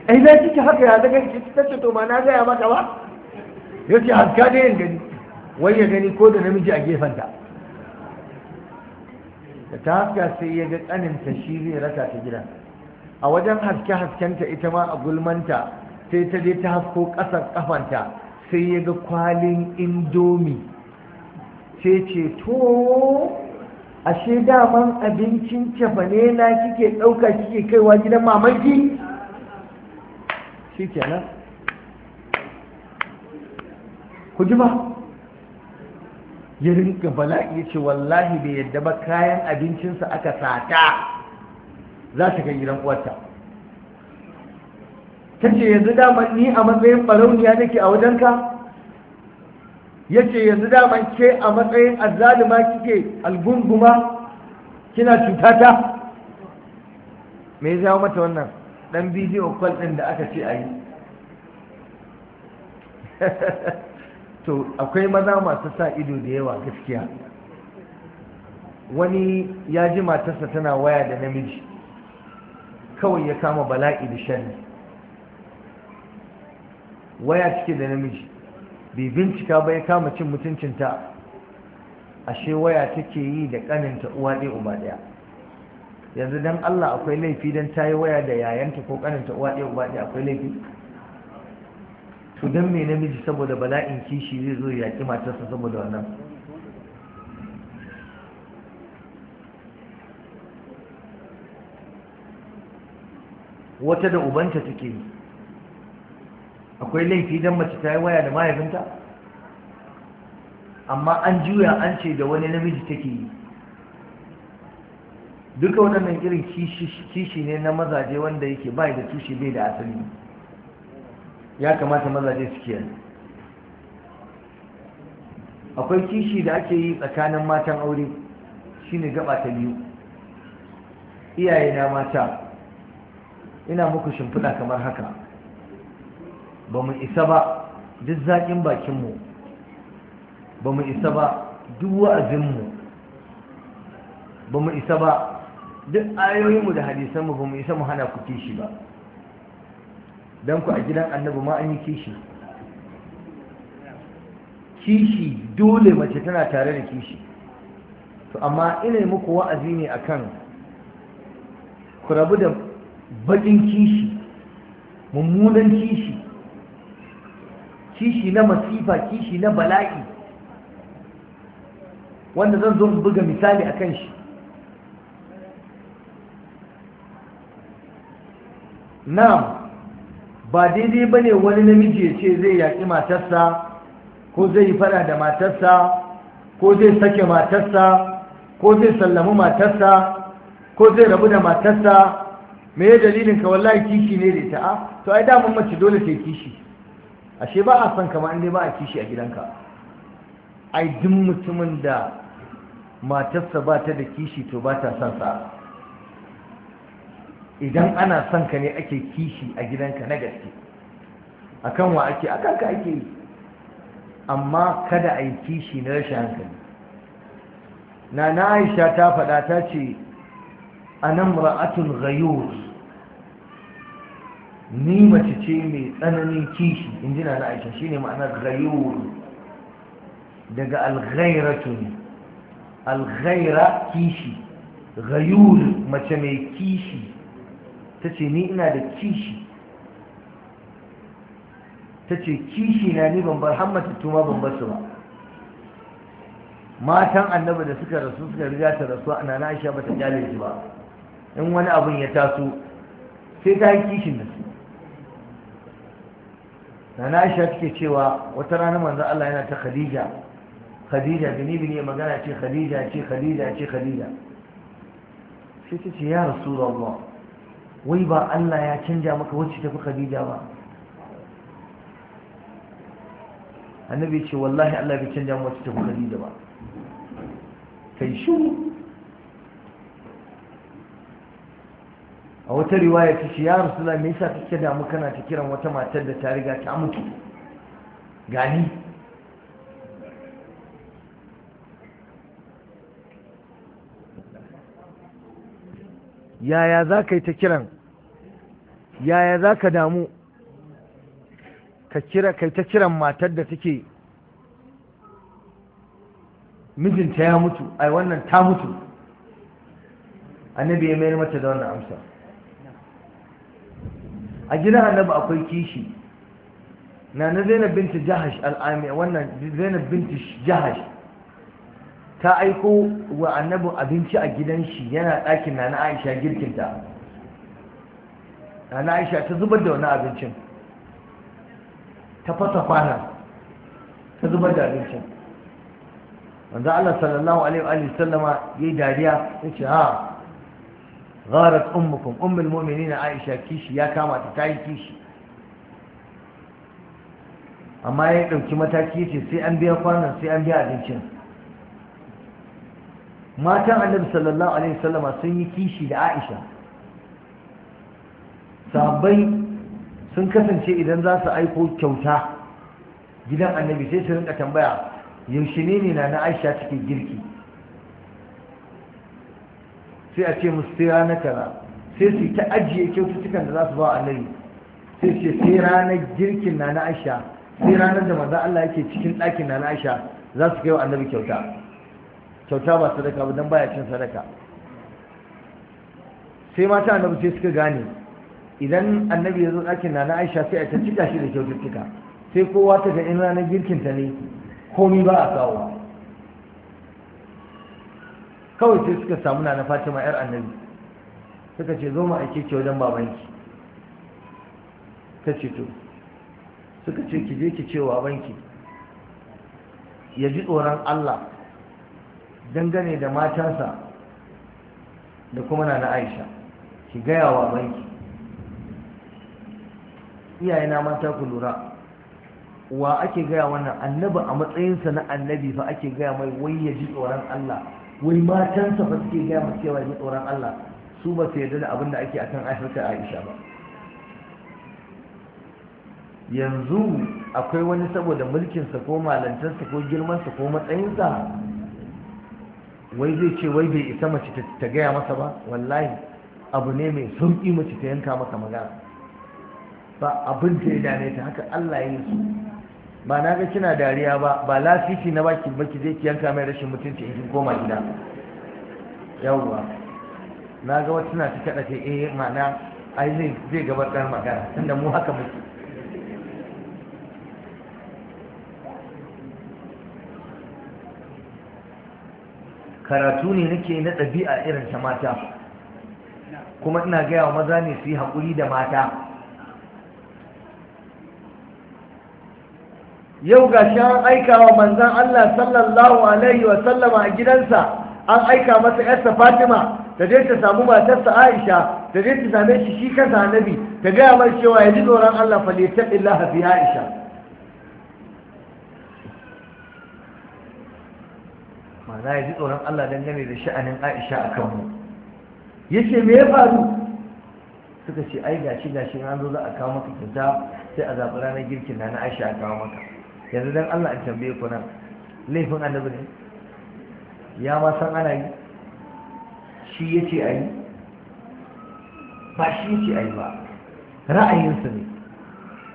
ai haka ya zaga ki ta to ma na gaya maka ba ya ce haska ne yin gani wai ya gani ko da namiji a gefenta da ta haska sai ya ga kaninta shi zai rasa ta gida a wajen haske haskenta ita ma a gulmanta sai ta je ta hasko ƙasar kafanta sai ya ga kwalin indomi sai ce to ashe daman abincin cefane na kike ɗauka kike kaiwa gidan mamaki shi kenan ku ji ba ya rinka bala'i ce wallahi bai yadda ba kayan abincinsa aka sata za ta kai gidan uwarta ta ce yanzu daman ni a matsayin barauniya nake a wajenka ya ce yanzu daman ke a matsayin azalima kike algunguma kina cutata me ya jawo mata wannan dan bidiyo kwal din da aka ce a yi to akwai maza masu sa ido da yawa gaskiya wani ya ji matarsa tana waya da namiji kawai ya kama bala'i da shani waya cike da namiji bai bincika ba ya kama cin mutuncinta ashe waya take yi da kaninta uwa ɗaya uba ɗaya yanzu don allah akwai laifi don ta yi waya da yayanta ko kaninta uwa ɗaya uba ɗaya akwai laifi to dan mai namiji saboda bala'in kishi zai zo ya yaƙi matarsa saboda wannan wata da ubanta take yi akwai laifi don mace ta yi waya da mahaifinta amma an juya an ce da wani namiji take yi duka waɗannan irin kishi ne na mazaje wanda yake bai da tushe bai da asali ya kamata mazaje su kiyar akwai kishi da ake yi tsakanin matan aure shine gaba ta biyu iyaye na mata ina muku shimfiɗa kamar haka ba mu isa ba duk zaƙin bakinmu ba mu isa ba duk wa'azinmu ba mu isa ba duk ayoyinmu da hadisanmu ba mu isa mu hana ku kishi ba don ku a gidan annabi ma an yi kishi kishi dole mace tana tare da kishi to amma ina yi muku wa'azi ne akan ku rabu da baƙin kishi mummunan kishi kishi na masifa kishi na bala'i wanda zan zo buga misali a kan shi na ba daidai ba ne wani namiji ya ce zai yaƙi matarsa ko zai yi fara da matarsa ko zai sake matarsa ko zai sallami matarsa ko zai rabu da matarsa me dalilin ka wallahi kishi ne da ita ah, to ai damar mace dole sai kishi ashe ba a son kama inda ba a kishi a gidanka ai duk mutumin da matarsa ba ta da kishi to ba ta son sa idan ana son ka ne ake kishi a gidanka na gaske akan wa ake akan ka ake yi amma kada a yi kishi na rashin hankali na na aisha ta faɗa ta ce a nan ra'atun ni mace ce mai tsananin kishi in jina na shi ne ma'anar gayuru daga alghaira ne alghaira kishi gayuru mace mai kishi ta ce ni ina da kishi ta ce kishi na ni ban bar tuma bambar su ba matan annaba da suka rasu suka riga ta rasu ana na aisha bata kyale shi ba in wani abin ya taso sai ta yi kishin da na aisha ake cewa wata rana manzo Allah yana ta khadija khadija bini bini magana ce khadija ce khadija ce khadija sai ta ce ya rasulullah wai ba Allah ya canja maka wacce tafi khadija ba annabi ce wallahi Allah bai canja maka wacce tafi khadija ba kai shiru a wata riwaya ta ce ya rasula mai sa kake damu kana ta kiran wata matar da ta riga ta mutu gani yaya za ka yi ta kiran yaya za ka damu ka ta kiran matar da take mijinta ya mutu ai wannan ta mutu annabi ya mayar mata da wannan amsa a gidan annabi akwai kishi na na zainab binti jahash al'ami wannan zainab binti jahash ta aiko wa annabi abinci a gidan shi yana ɗakin na na aisha girkinta na na aisha ta zubar da wani abincin ta fasa kwana ta zubar da abincin wanda Allah sallallahu alaihi wa sallama yayi dariya yace ha gharat ummukum ummul mu'minin Aisha kishi ya kama ta tayi kishi amma ya dauki mataki ce sai an biya kwanan sai an biya abincin matan annabi sallallahu alaihi wasallama sun yi kishi da Aisha sabai sun kasance idan za su aiko kyauta gidan annabi sai su rinka tambaya yaushe ne na na aisha suke girki sai a ce musu sai ranar kaza sai su ta ajiye kyaututtukan da za su ba annabi sai ce sai ranar girkin na na aisha sai ranar da manzon Allah yake cikin ɗakin na na aisha za su kai wa annabi kyauta kyauta ba sadaka ba dan baya cin sadaka sai mata annabi sai suka gane idan annabi ya zo ɗakin na na aisha sai a ta cika shi da kyaututtuka sai kowa ta ga in ranar girkinta ne komi ba a kawo kawai sai suka samu na fatima yar annabi suka ce zo mu aike ki wajen babanki ta ce to suka ce ki je ki ce wa banki ya ji tsoron Allah dangane da matansa da kuma na na Aisha ki gaya wa banki iyayena mata ku lura wa ake gaya wannan annabi a matsayinsa na annabi fa ake gaya mai wai ya ji tsoron Allah wai matansa ba suke gaya masu cewa yi tsoron Allah su ba su yarda da abin da ake a kan a Aisha ba yanzu akwai wani saboda mulkinsa ko malantarsa ko girmansa ko matsayinsa wai zai ce wai bai isa mace ta gaya masa ba wallahi abu ne mai sauƙi mace ta yanka masa magana ba abin da ya dame ta haka Allah ya yi su ba na ga kina dariya ba ba lasisi na baki baki zai ki yanka mai rashin mutunci in kin koma gida yawwa na ga wata tana ta kada ce eh ma'ana ai zai zai dan magana tunda mu haka muke karatu ne nake na ɗabi'a irin ta mata kuma ina gaya wa maza ne su yi haƙuri da mata yau ga shi an aika wa manzan Allah sallallahu alaihi wa sallama a gidansa an aika masa yarsa Fatima ta je ta samu matarsa Aisha ta je ta same shi shi kansa annabi ta gaya mai cewa ya ji tsoron Allah fa li taqillaha fi Aisha ma'ana ya ji tsoron Allah dangane da sha'anin Aisha a kanmu yace me ya faru suka ce ai gashi gashi an zo za a kawo maka kyauta sai a zaɓi ranar girkin na na Aisha a kawo maka yanzu dan Allah in tambaye ku nan laifin annabi ne ya ma san ana yi shi ya a ayi ba shi ya a ayi ba ra'ayinsa ne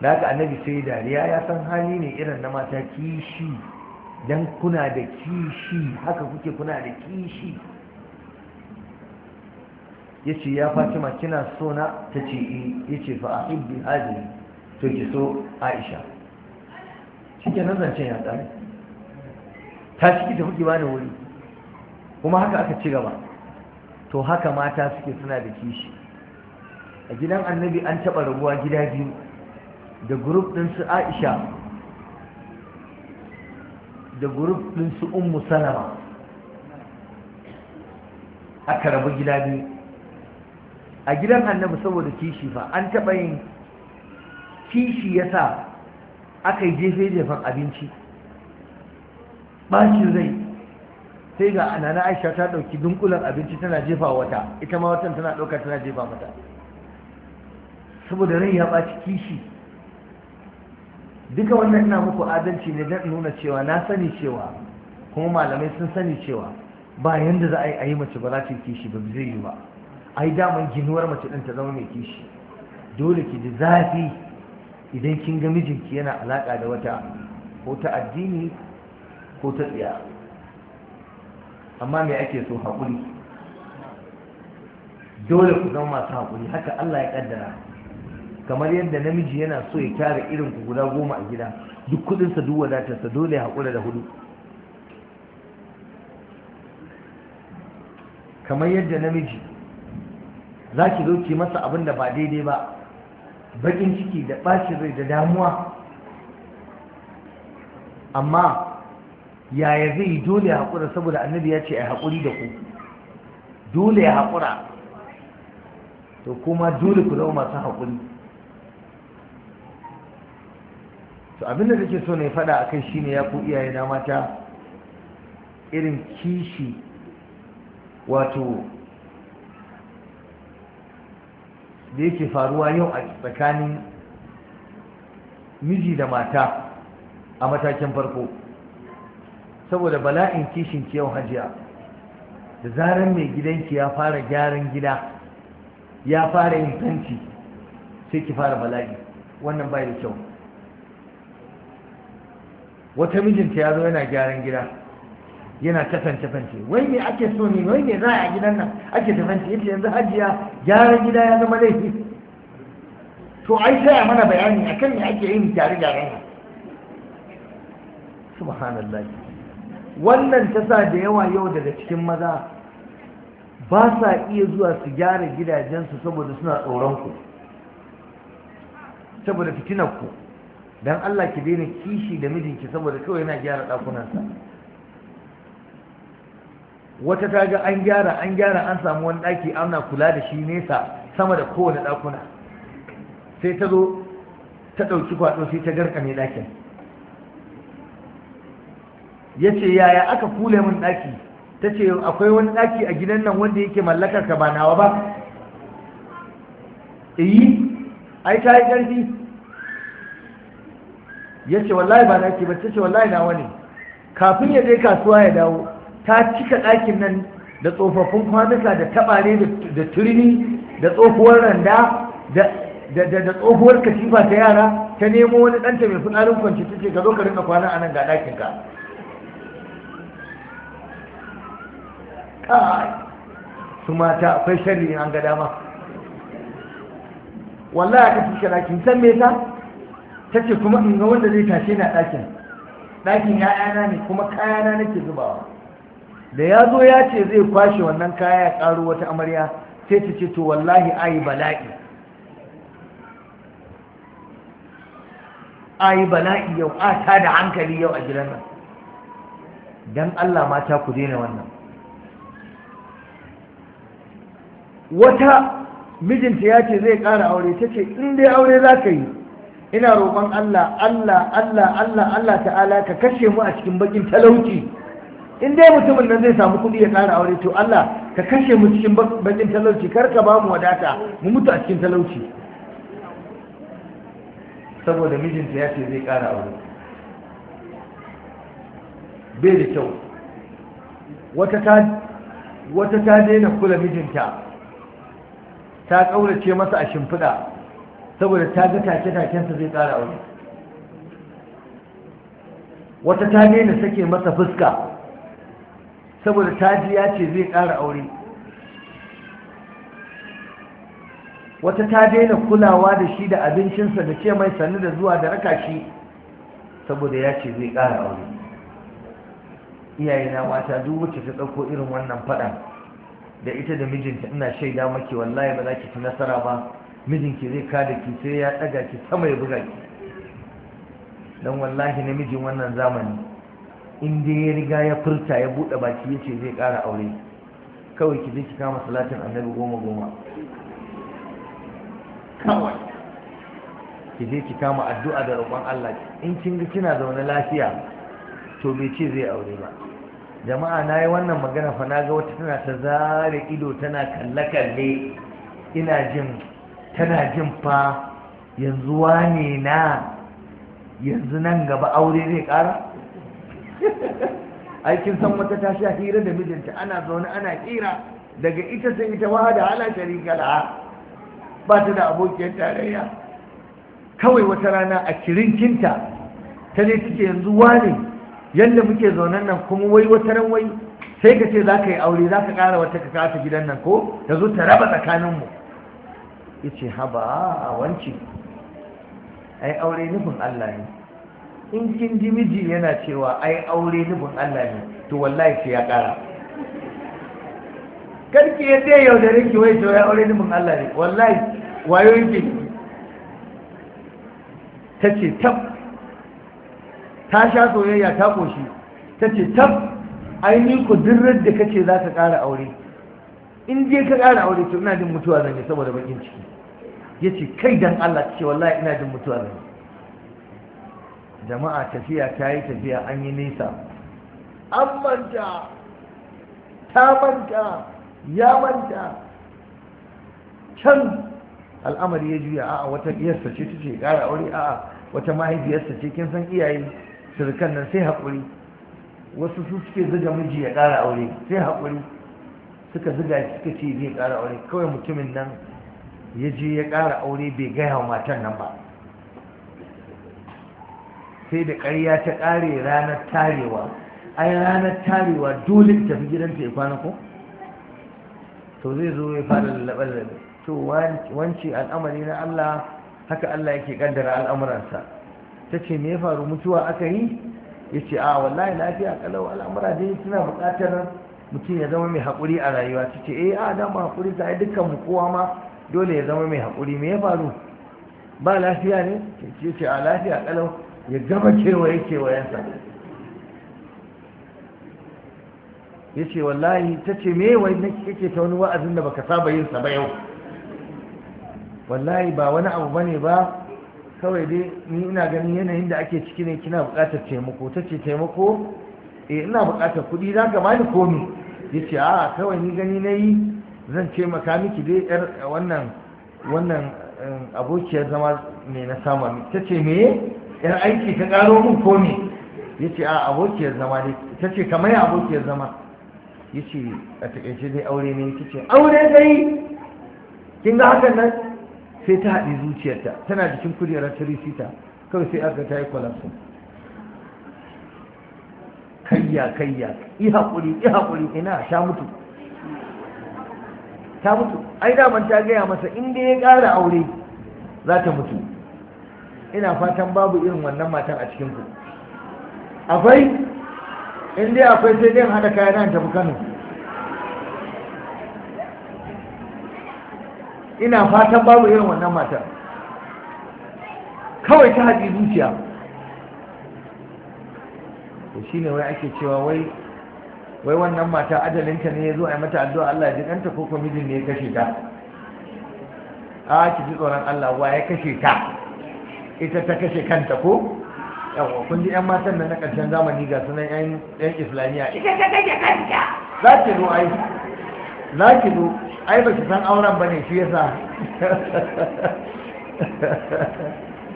da haka annabi sai dariya ya san hali ne irin na mata kishi dan kuna da kishi haka kuke kuna da kishi ya ce ya fatima kina sona ta ce yi eh. ya ce fa a hajji to ki so aisha shi ke zancen ya tsari ta shiki tafi ki bani wuri kuma haka aka ci gaba to haka mata suke suna da kishi a gidan annabi an taɓa rabuwa gida biyu da grup ɗinsu su aisha da grup din su ummu salama aka rabu gida biyu a gidan annabi saboda kishi fa an taɓa yin kishi ya sa aka yi jefe-jefen abinci ɓacin rai sai ga anana aisha ta ɗauki dunkulan abinci tana jefa wata ita ma watan tana ɗauka tana jefa mata saboda rai ya ɓaci kishi duka wannan ina muku adalci ne don nuna cewa na sani cewa kuma malamai sun sani cewa ba yanda za a yi a yi mace ba za ta yi kishi ba zai yi ba ai daman ginuwar mace ɗin ta zama mai kishi dole ki ji zafi idan kin ga mijinki yana alaka da wata ko ta addini ko ta tsiya amma me ake so haƙuri dole ku zama masu haƙuri haka Allah ya ƙaddara. kamar yadda namiji yana so ya kyara irin ku guda goma a gida duk kudinsa duk wadatarsa dole ya haƙura da hudu kamar yadda namiji za ki zo ki masa abin da ba daidai ba bakin ciki da ɓacin rai da damuwa amma yaya zai yi dole ya haƙura saboda annabi ya ce a haƙuri da ku dole ya haƙura to kuma dole ku zama masu haƙuri to abinda ke so na faɗa a kai shine ya ku iyaye na mata irin kishi wato da yake faruwa yau a tsakanin miji da mata a matakin farko saboda bala'in kishin yau hajiya da zarar mai gidanki ya fara gyaran gida ya fara yin tanti sai ki fara bala'i wannan bai da kyau wata mijinta ya zo yana gyaran gida yana kasance fance wai me ake so ne wai me za a gidan nan ake tafance yace yanzu hajiya gyaran gida ya zama laifi to ai sai a mana bayani akan me ake yin gyare gyaren nan subhanallah wannan ta sa da yawa yau daga cikin maza ba sa iya zuwa su gyara gidajensu saboda suna tsoron ku saboda fitinar ku dan Allah ki daina kishi da mijinki saboda kawai yana gyara ɗakunansa wata ta ga an gyara an gyara an samu wani ɗaki ana kula da shi nesa sama da kowane ɗakuna sai ta zo ta ɗauki kwaɗo sai ta ne ɗakin ya ce yaya aka kule min ɗaki ta ce akwai wani ɗaki a gidan nan wanda yake mallakar ka ba nawa ba iyi eh, ai ta yi ƙarfi ya ce wallahi ba ɗaki ba ta ce wallahi nawa ne kafin ya je kasuwa ya dawo ta cika ɗakin nan da tsofaffin kwanuka da taɓare da turmi da tsohuwar randa da tsohuwar katifa ta yara ta nemo wani ɗanta mai fitsarin kwanci ta ce ka zo ka rinka kwana a nan ga ɗakin ka. su mata akwai sharri an ga dama wallahi aka cika ɗakin san me ta ta ce kuma in ga wanda zai tashe na ɗakin ɗakin ya'yana ne kuma kayana nake zubawa da ya zo ya ce zai kwashe wannan kaya ya karu wata amarya sai ta ce to wallahi ayi bala'i ayi bala'i yau a ta da hankali yau a gidan nan don Allah mata ku daina wannan wata mijinta ya ce zai ƙara aure ta ce in dai aure za ka yi ina roƙon Allah Allah Allah Allah Allah ta'ala ka kashe mu a cikin bakin talauci in dai mutumin nan zai samu kuɗi ya ƙara aure to Allah ka kashe mu cikin bakin talauci kar ka ba mu wadata mu mutu a cikin talauci saboda mijinta ya ce zai ƙara aure bai da kyau wata ta daina kula mijinta ta ƙaurace masa a shimfiɗa saboda ta ga take-takensa zai ƙara aure wata ta daina sake masa fuska saboda taji ya ce zai ƙara aure wata ta daina kulawa da shi da abincinsa da ce mai sannu da zuwa da raka shi saboda ya ce zai ƙara aure iyayena mata duk wacce ta ɗauko irin wannan faɗa da ita da mijinta ina shaida maki wallahi ba za ki fi nasara ba mijinki zai kada ki sai ya ɗaga ki sama ya buga ki don wallahi namijin wannan zamani in dai ya riga ya furta ya buɗe baki ya ce zai ƙara aure kawai ki je ki kama salatin annabi goma goma kawai ki je ki kama addu'a da roƙon Allah in kin ga kina zaune lafiya to bai ce zai aure ba jama'a na yi wannan magana fa na ga wata tana ta zare ido tana kalle kalle ina jin tana jin fa yanzu wane na yanzu nan gaba aure zai ƙara aikin san wata ta sha hira da mijinta ana zaune ana kira daga ita sai ita da ala sharika la ba ta da abokiyar tarayya kawai wata rana a kirinkinta ta ne take yanzu wane yadda muke zaunen nan kuma wai wata ran wai sai ka ce za ka yi aure za ka ƙara wata ka kasa gidan nan ko ta zo ta raba tsakaninmu ya ce haba a wanci ai aure nufin allah ne in kin ji miji yana cewa ai aure nufin Allah ne to wallahi sai ya kara karki yadda yau da rike wai to ya aure nufin Allah ne wallahi wayo yake ta ce tab ta sha soyayya ta koshi ta ce tab ai ni ku dirrar da kace za ka kara aure in je ka kara aure to ina jin mutuwa zan yi saboda bakin ciki yace kai dan Allah ce wallahi ina jin mutuwa zan yi jama'a tafiya ta yi tafiya an yi nisa an manta ta manta ya manta can al'amari ya juya a'a wata iyarsa ce ta ce ƙara aure a'a wata mahaifiyarsa ce kin san iyaye surukan nan sai haƙuri wasu su suke zuga miji ya ƙara aure sai haƙuri suka zuga suka ce zai ƙara aure kawai mutumin nan ya je ya ƙara aure bai gaya wa matan nan ba sai da ƙarya ta ƙare ranar tarewa ai ranar tarewa dole ta fi gidanta ya kwana ko to zai zo ya fara lallaɓe to wance al'amari na Allah haka Allah yake kaddara al'amuransa ta ce me ya faru mutuwa aka yi ya ce a wallahi lafiya kalau al'amura dai suna buƙatar mutum ya zama mai haƙuri a rayuwa ta ce eh a dama haƙuri ta dukkan mu kowa ma dole ya zama mai haƙuri me ya faru ba lafiya ne ce ce a lafiya kalau ya gaba kewaye kewayensa ya ce wallahi ta ce me yi nake kake ta wani wa'azin da baka saba yinsa ba yau wallahi ba wani abu bane ba kawai dai ni ina ganin yanayin da ake ciki ne kina buƙatar taimako ta ce taimako e ina buƙatar kuɗi za ga mani komi ya ce a kawai ni gani na yi zan ce maka miki dai yar wannan wannan eh, abokiyar zama ne na samu. ta ce me yar aiki ta ƙaro mun ko ya ce a abokiyar zama ne ta ce kamar abokiyar zama ya ce a taƙaice dai aure ne ta ce aure dai kin ga hakan nan sai ta haɗi zuciyarta tana jikin kujerar tirisita kawai sai aka ta yi kwalafu kayya kayya i haƙuri i haƙuri ina sha mutu ta mutu ai daman ta gaya masa in dai ya ƙara aure za ta mutu ina fatan babu irin wannan matan a cikin ku akwai in dai akwai sai dai hada kayan nan tafi Kano ina fatan babu irin wannan matan kawai ta haɗi zuciya to shine wai ake cewa wai wai wannan mata adalinta ne ya zo a yi mata addu'a Allah ya ji ɗanta ko kwamitin ne ya kashe ta a ki ji tsoron Allah wa ya kashe ta ita ta kashe kanta ko yawa kun ji 'yan matan da na ƙarshen zamani ga sunan 'yan islamiyya ita ta kashe kanta za ki zo ai za ki zo ai ba ki san auren ba ne shi sa?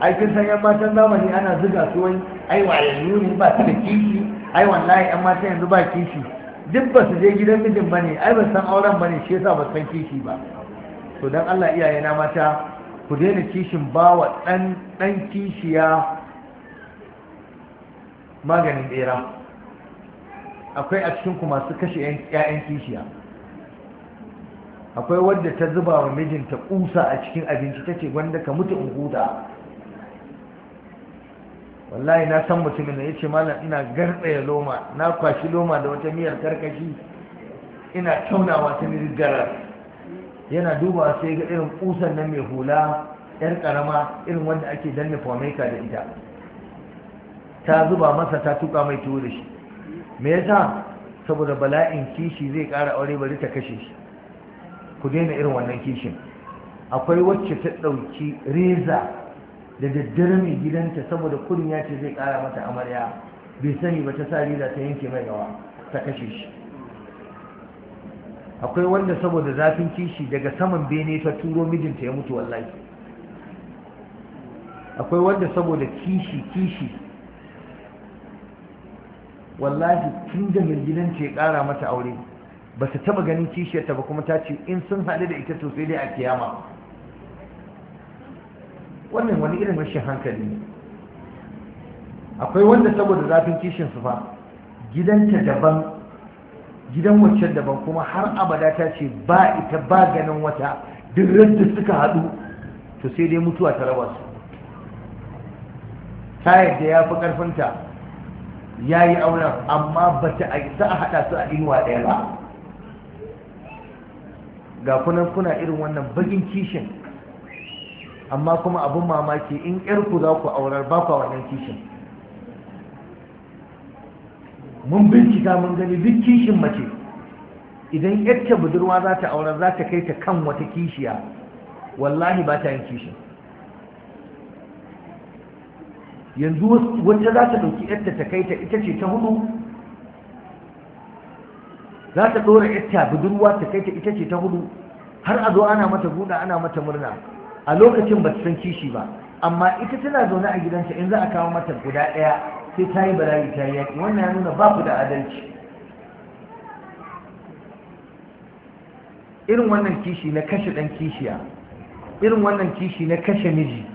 ai kin san 'yan matan zamani ana zuga su wani ai yanzu ne ba su da kishi ai wallahi 'yan matan yanzu ba kishi duk ba su je gidan mijin ba ne ai ba san auren ba ne shi sa ba san kishi ba to don allah iyayena mata ku daina kishin bawa ɗan kishiya maganin ɗera akwai a cikinku masu kashe 'ya'yan kishiya akwai wadda ta zuba wa mijinta ƙusa a cikin abinci ta ce gwanda ka mutu in huta wallahi na san mutumin ya ce malam ina garɗaya loma na kwashi loma da wata miyar karkashi ina taunawa ta garar yana duba sai ga irin kusan nan mai hula yar karama irin wanda ake danne fomeka da ita ta zuba masa ta tuka mai tuwo da shi me yasa saboda bala'in kishi zai kara aure bari ta kashe shi ku daina irin wannan kishin akwai wacce ta ɗauki reza da daddare mai gidanta saboda kurin ya ce zai kara mata amarya bai sani ba ta sa reza ta yanke mai gawa ta kashe shi akwai wanda saboda zafin kishi daga saman bene ta turo mijinta ya mutu wallahi akwai wanda saboda kishi kishi wallahi tun da gidanta ya kara mata aure ba su taba ganin kishiyarta ba kuma ta ce in sun haɗu da ita sosai dai a kiyama wannan wani irin rashin hankali ne akwai wanda saboda zafin kishin su fa gidanta daban gidan waccan daban kuma har abada ta ce ba ita ba ganin wata duk radda suka haɗu to sai dai mutuwa ta raba su ta yadda ya fi ƙarfinta ya yi auren amma ba ta a haɗa su a inuwa ɗaya ba ga kunan kuna irin wannan bagin kishin amma kuma abin mamaki in ku za ku aurar ba kwa wannan kishin mun bincika mun gani duk kishin mace idan yadda budurwa za ta aure za ta kai ta kan wata kishiya wallahi ba ta yin kishin yanzu wata za ta ɗauki yadda ta kai ta ita ce ta hudu za ta ɗora yadda budurwa ta kai ta ita ce ta hudu har a zo ana mata guda ana mata murna a lokacin ba ta san kishi ba amma ita tana zaune a gidanta in za a kawo mata guda ɗaya sai ta yi bala'i ta yi yaƙi wannan ya nuna ba ku da adalci irin wannan kishi na kashe ɗan kishiya irin wannan kishi na kashe miji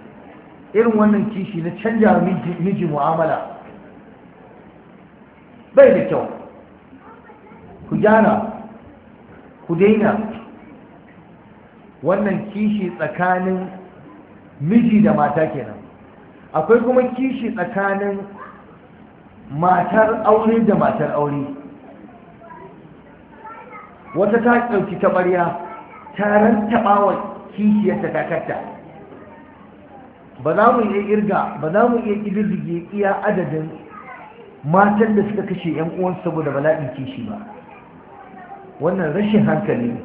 irin wannan kishi na canja miji mu'amala bai da kyau ku gyara ku daina wannan kishi tsakanin miji da mata kenan akwai kuma kishi tsakanin matar aure da matar aure wata ta ɗauki taɓarya ta taɓawar wa kishiyarta takarta ba za mu iya irga ba za mu iya ƙididdige iya adadin matan da suka kashe 'yan uwan saboda bala'in kishi ba wannan rashin hankali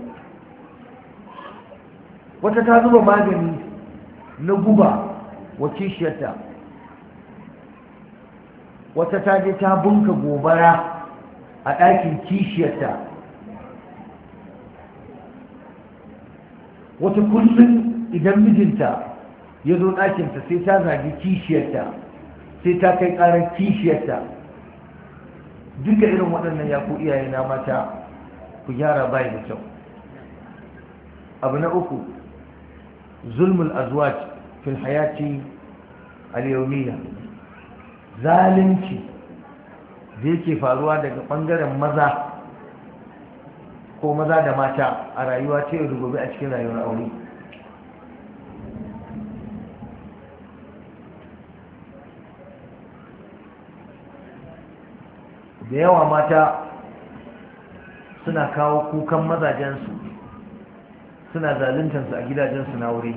wata ta zuba magani na guba wa kishiyarta wata ta je ta bunka gobara a ɗakin kishiyarta wata kullum idan mijinta ya zo ɗakinta sai ta zagi kishiyarta sai ta kai ƙarar kishiyarta duka irin waɗannan ya ku iyaye na mata ku gyara bai da kyau abu na uku zulmul azwaj fil hayati al-yawmiyya zalunci da yake faruwa daga ɓangaren maza ko maza da mata a rayuwa ce da gobe a cikin rayuwar aure da yawa mata suna kawo kukan mazajensu suna zalintansu a gidajensu na wuri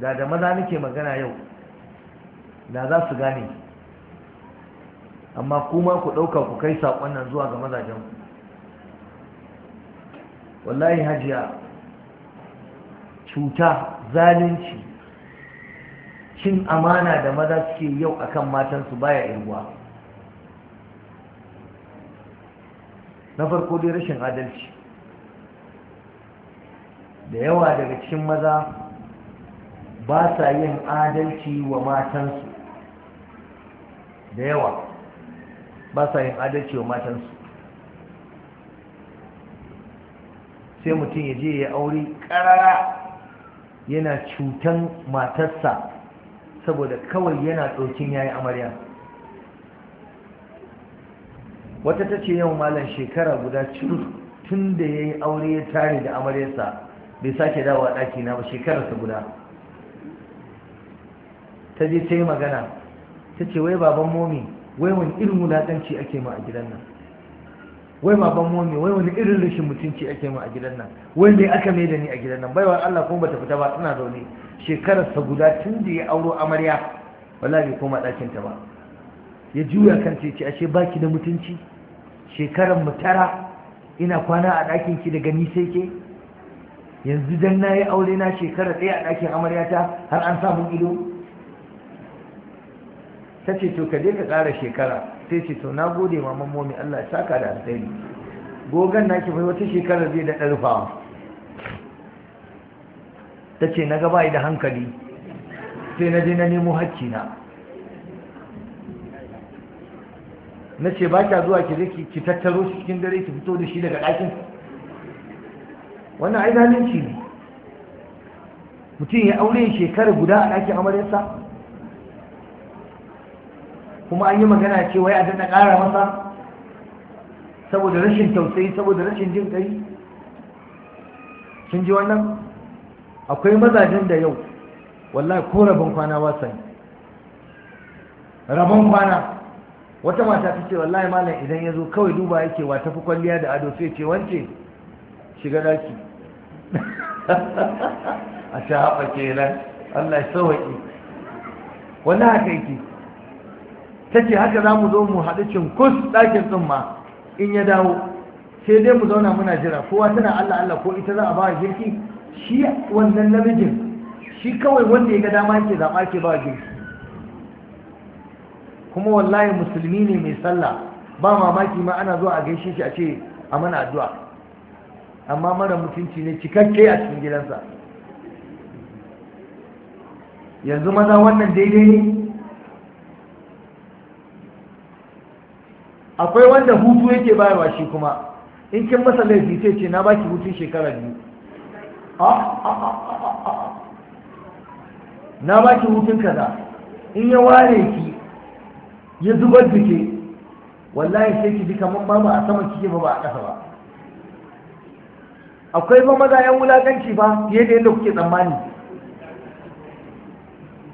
da da maza nake magana yau da za su gane amma kuma ku ɗauka ku kai saƙon nan zuwa ga mazajen wallahi hajiya cuta zalunci cin amana da maza suke yau akan matansu baya irwa na farko dai rashin adalci da yawa daga cikin maza ba sa yin adalci wa matansu da yawa ba sa yin adalci wa matansu sai mutum ya je ya aure karara yana cutan matarsa saboda kawai yana ɗaukin yayi amarya wata ta ce yau malam shekara guda tun da ya yi aure ya tare da amaryarsa bai sake a ɗakina ba shekararsa guda ta je ta yi magana ta ce wai baban momi wai wani irin wulaƙanci ake ma a gidan nan wai baban momi wai wani irin rashin mutunci ake ma a gidan nan wai me aka mai da ni a gidan nan baiwa Allah kuma bata fita ba tana zaune shekararsa guda tun da ya auro amarya wallahi bai koma ɗakin ta ba ya juya kan ce ce ashe baki da mutunci shekaran mu tara ina kwana a ɗakin ki daga ni sai ke yanzu dan na yi aure na shekara ɗaya a ɗakin ta har an samu ido ta ce to ka je ka tsara shekara sai ce to na gode ma mammomi Allah ya saka da alkhairi gogan na bai wata shekara zai da ɗarfawa ta ce na gaba da hankali sai na je na nemo hakkina na ce ba kya zuwa ki ki tattaro shi cikin dare ki fito da shi daga ɗakin wannan ai zalunci ne mutum ya aure shekara guda a ɗakin amaryarsa kuma an yi magana ce wai a daɗa ƙara masa saboda rashin tausayi saboda rashin jin ƙari sun ji wannan akwai mazajen da yau wallahi ko rabon kwana ba sani rabon kwana wata mata ta ce wallahi malam idan ya zo kawai duba yake wa tafi kwalliya da ado sai ce wance shiga daki a sha haɓa nan allah ya sawaƙi wani haka yake ta ce haka za mu zo mu haɗu cinkus ɗakin ɗin ma in ya dawo sai dai mu zauna muna jira kowa tana allah allah ko ita za a ba girki shi wannan namijin shi kawai wanda ya ga dama yake zaɓa ke ba girki kuma wallahi musulmi ne mai sallah ba mamaki ma ana zuwa a gaishe shi a ce a mana addu'a amma mara mutunci ne cikakke a cikin gidansa yanzu maza wannan daidai ne akwai wanda hutu yake bayarwa shi kuma in kin masa laifi sai ce na baki hutun shekara biyu ah, ah, ah, na baki hutun kaza in ya ware ki ya zubar da ke wallahi sai ki ji kamar ba ba a sama kike ba ba a ƙasa ba akwai ba maza yan wulakanci ba fiye da yadda kuke tsammani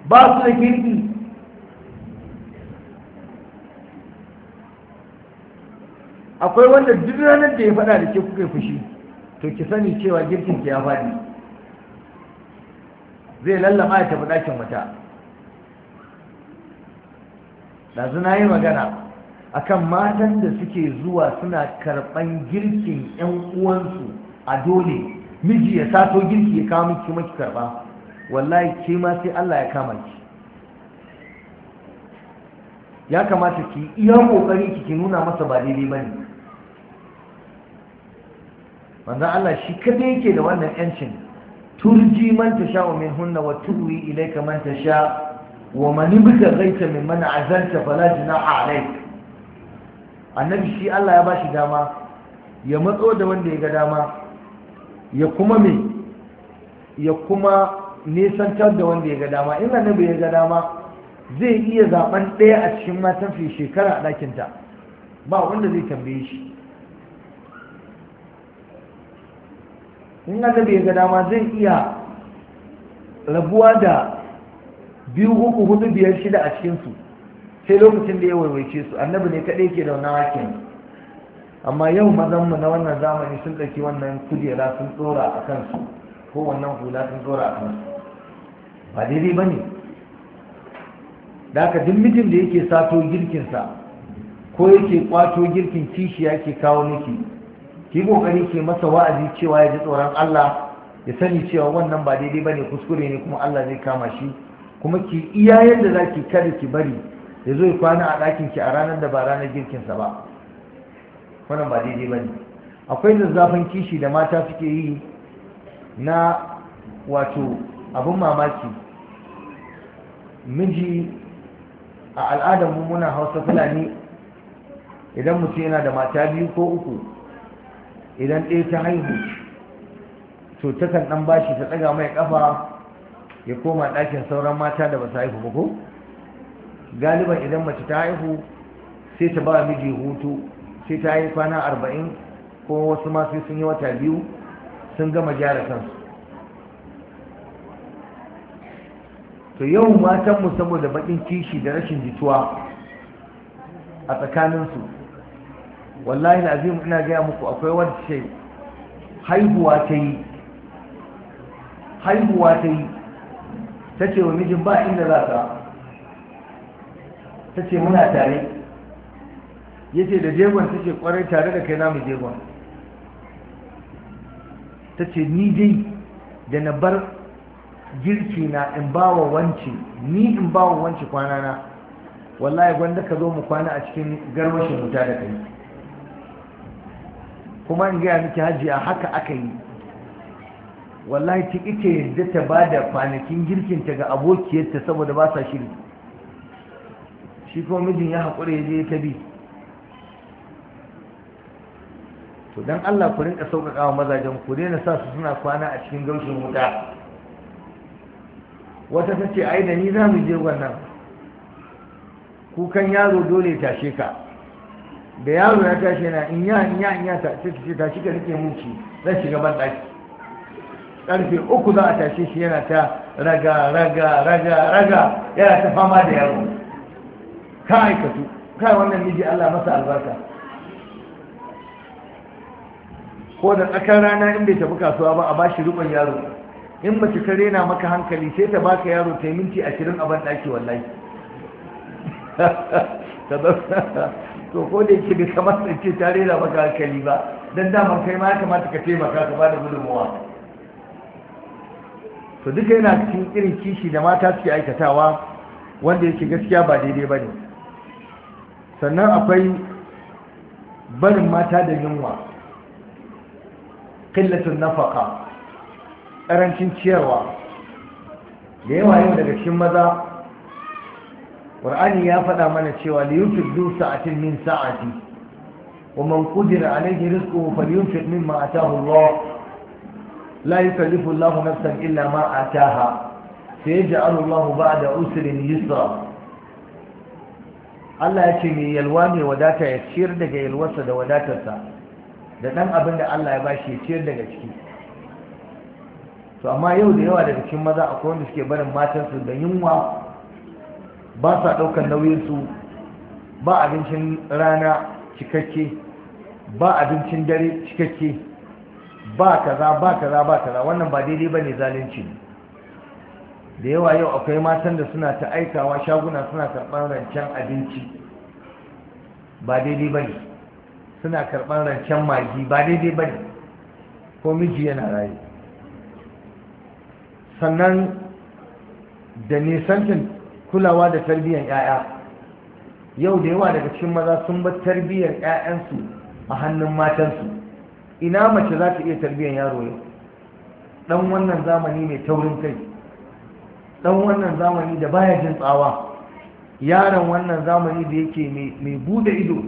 ba su da kirki akwai wanda duk ranar da ya faɗa da ke kuka fushi to ki sani cewa girkin ki ya faɗi zai lallama ya tafi ɗakin wata ɗazu na yi magana A kan matan da suke zuwa suna karɓan girkin 'yan uwansu a dole miji ya sato girki ya kama ki maki karɓa wallahi ke ma sai Allah ya kama ki ya kamata ki iya ƙoƙari ki nuna masa ba daidai ne. manzan Allah shi kada yake da wannan yancin turji man wa min hunna wa tuwi ilayka man sha wa man min man azalta fala junaha alayk annabi shi Allah ya ba shi dama ya matso da wanda ya ga dama ya kuma me ya kuma nesantar da wanda ya ga dama in annabi ya ga dama zai iya zaben ɗaya a cikin matan fi shekara a ɗakinta ba wanda zai tambaye shi in annabi ya ga dama zai iya rabuwa da biyu uku hudu biyar shida a cikinsu sai lokacin da ya waiwaice su annabi ne kaɗai ke da wani amma yau mazanmu na wannan zamani sun ɗauki wannan kujera sun tsora a kansu ko wannan hula sun tsora a kansu ba daidai ba ne da haka duk mijin da yake sato girkinsa ko yake kwato girkin kishiya ke kawo miki ki kokari ke masa wa'azi cewa ya ji tsoron Allah ya sani cewa wannan ba daidai bane kuskure ne kuma Allah zai kama shi kuma ki iya yadda zaki kada ki bari ya zo ya kwana a ɗakin ki a ranar da ba ranar girkin sa ba wannan ba daidai bane akwai zazzafin kishi da mata suke yi na wato abun mamaki miji a al'adar mu muna hausa fulani idan mutum yana da mata biyu ko uku idan ɗaya ta haihu to takan ɗan bashi ta tsaga mai ƙafa ya koma ɗakin sauran mata da ba su haihu ba ko galiban idan mace ta haihu sai ta ba miji hutu sai ta yi kwana arba'in ko wasu masu sun yi wata biyu sun gama gyara kansu to yau matanmu saboda baƙin kishi da rashin jituwa a tsakaninsu wallahi na ina gaya muku akwai wacce haihuwa ta yi haihuwa ta yi ta ce wa mijin ba inda za ta ta ce muna tare ya ce da jegon ta ce kwarai tare da kai namu jegon ta ce ni dai da na bar girki na in ba wa wance ni in ba wa kwanana wallahi gwanda ka zo mu kwana a cikin garwashin wuta da kai kuma in gaya miki hajiya haka aka yi wallahi ta ita yadda ta ba da kwanakin girkinta ga abokiyarta saboda ba sa shiri shi kuma mijin ya haƙura ya je ta bi to don allah ku rinka sauƙaƙa wa mazajen ku daina sa su suna kwana a cikin gaushin wuta wata ta ce ai da ni za mu je wannan kukan yaro dole tashe ka da yaro ya tashi yana in ya in ya in ya ta ce ta shi ka rike muci zan shiga ban daki karfe uku za a tashe shi yana ta raga raga raga raga yana ta fama da yaro ka aikatu kai wannan miji Allah masa albarka ko da tsakar rana in bai tafi kasuwa ba a bashi ruban yaro in mace kare rena maka hankali sai ta baka yaro ta yi minti ashirin a ban daki wallahi to ko da yake bai kamata ce ta rera maka hankali ba don damar kai ma ya kamata ka taimaka ka ba da gudunmuwa to duka yana cikin irin kishi da mata suke aikatawa wanda yake gaskiya ba daidai ba ne sannan akwai barin mata da yunwa ƙillacin nafaka ƙarancin ciyarwa da yawa yau daga cikin maza qur'ani ya faɗa mana cewa li yunfiq sa'atin min sa'ati wa yi qudira alayhi rizquhu falyunfiq mimma ataahu Allah la yukallifu Allah nafsan illa ma ataaha sayaj'alu Allah ba'da usrin yusra Allah ya ce mai yalwa mai wadata ya ciyar daga yalwarsa da wadatarsa da ɗan abin da Allah ya bashi ya ciyar daga ciki to amma yau da yawa daga cikin maza akwai wanda suke barin matansu da yunwa ba sa ɗaukar nauyinsu ba abincin rana cikakke ba abincin dare cikakke ba kaza ba kaza ba kaza wannan ba daidai ba ne zalunci da yawa yau akwai matan da suna ta aikawa shaguna suna karɓar rancen abinci ba daidai ba ne suna karɓar rancen magi ba daidai ba ne ko miji yana raye. sannan da nisantin kulawa da tarbiyyar 'ya'ya yau da yawa daga cikin maza sun bar tarbiyyar 'ya'yansu a hannun matansu ina mace za ta iya tarbiyyar yaro yau dan wannan zamani mai taurin kai dan wannan zamani da baya jin tsawa yaron wannan zamani da yake mai bude ido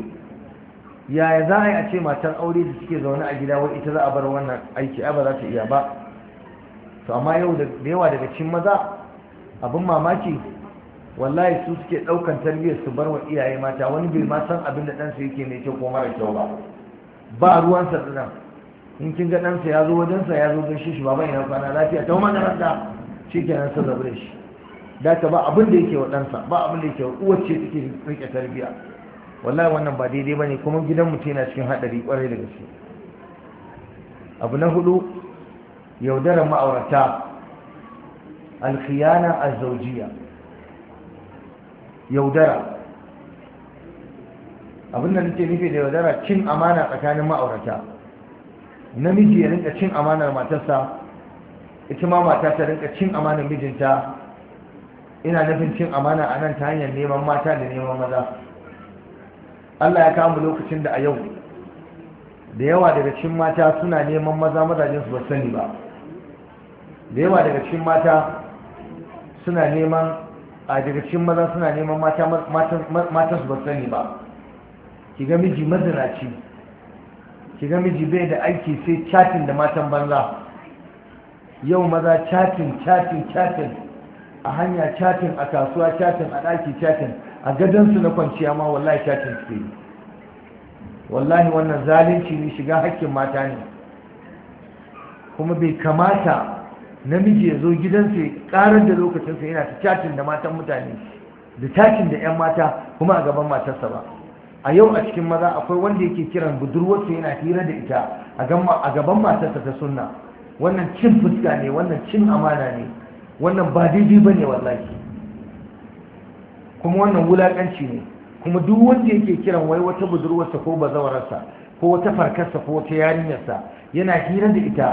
yaya za a yi a ce matan aure da suke zaune a gida wai ita za a bar wannan aiki ba za ta iya ba to amma yau da yawa daga cikin maza abin mamaki wallahi su suke ɗaukan tarbiyyar su bar wa iyaye mata wani bai ma san abin da ɗansa yake mai kyau ko mara kyau ba ba ruwansa sa nan in kin ga ɗansa ya zo wajensa ya zo gaishe shi baban yana kwana lafiya ta wani ranta shi ke nan sun rabu da shi da ta ba abin da yake wa ɗansa ba abin da yake wa uwar ce take rike tarbiyya wallahi wannan ba daidai ba ne kuma gidan mutum yana cikin haɗari kwarai da gaske abu na hudu yaudarar ma'aurata alkhiyana azzaujiya yaudara abin nake nufi da yaudara cin amana tsakanin ma'aurata namiji ya rinka cin amanar matarsa ita ma mata ta rinka cin amanar mijinta ina nufin cin amana a nan ta hanyar neman mata da neman maza Allah ya kama lokacin da a yau da yawa daga cin mata suna neman maza mazajen su ba sani ba da yawa daga cin mata suna neman a daga cikin maza suna neman matan su ba sani ba ki ga miji mazinaci ki ga miji bai da aiki sai chatin da matan banza yau maza chatin chatin chatin a hanya chatin a kasuwa chatin a ɗaki chatin a gadonsu na kwanciya ma wallahi chatin su yi wallahi wannan zalunci ne shiga hakkin mata ne kuma bai kamata namiji ya zo gidansa ya karar da lokacinsa yana ta cacin da matan mutane da cacin da 'yan mata kuma a gaban matarsa ba a yau a cikin maza akwai wanda yake kiran budurwarsa yana hira da ita a gaban matarsa ta sunna wannan cin fuska ne wannan cin amana ne wannan ba daidai ba ne wallahi kuma wannan wulaƙanci ne kuma duk wanda yake kiran wai wata budurwarsa ko bazawararsa ko wata farkarsa ko wata yarinyarsa yana hira da ita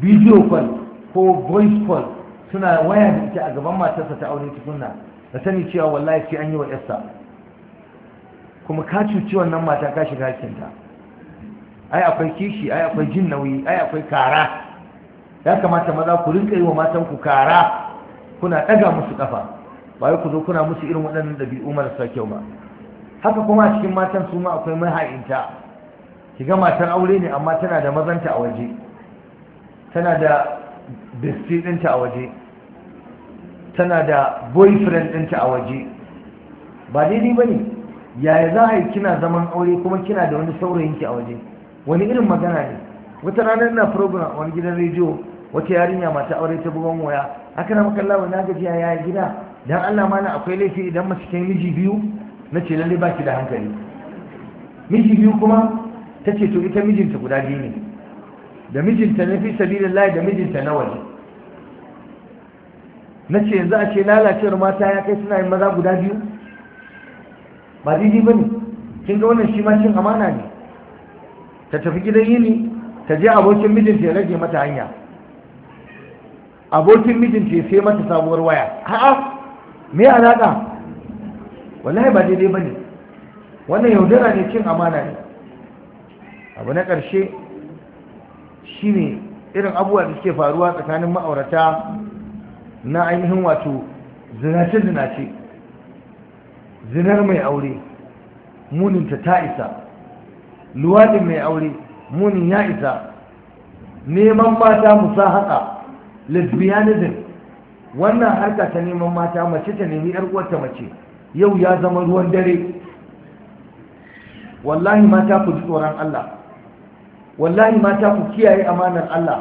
bidiyo kwal ko voice call suna waya da ita a gaban matarsa ta aure tukunna da sani cewa wallahi sai an yi wa yarsa kuma ka cuci wannan mata ka shiga hakinta ai akwai kishi ai akwai jin nauyi ai akwai kara ya kamata maza ku rinka yi wa matan ku kara kuna ɗaga musu kafa ba ku zo kuna musu irin waɗannan dabi'u marasa kyau ba haka kuma a cikin matan su ma akwai maha'inta ki ga matan aure ne amma tana da mazanta a waje tana da bestie ɗinta a waje tana da boyfriend ɗinta a waje ba daidai ba ne yaya za a yi kina zaman aure kuma kina da wani saurayinki a waje wani irin magana ne wata rana ina program wani gidan rediyo wata yarinya mata aure ta bugan waya haka na makalla wani gaji ya gida dan Allah mana akwai laifi idan mace ta miji biyu na ce lalle ki da hankali miji biyu kuma ta ce to ita mijinta guda biyu ne da mijinta na fi sabilillahi da mijinta na waje na ce yanzu a ce lalacewar mata ya kai suna yin maza guda biyu ba daidai ba ne kin ga wannan shi ma cin amana ne ta tafi gidan yini ta je abokin mijinta ya rage mata hanya abokin mijinta ya sai mata sabuwar waya a'a me alaƙa wallahi ba daidai ba ne wannan yaudara ne cin amana ne abu na ƙarshe shine irin abubuwa da suke faruwa tsakanin ma'aurata na ainihin wato zinace-zinace zinar mai aure muninta ta isa luwaɗin mai aure munin ya isa neman mata musa haka lesbianism wannan harka ta neman mata mace ta nemi uwarta mace yau ya zama ruwan dare wallahi mata ku ji tsoron allah wallahi mata ku kiyaye amanar Allah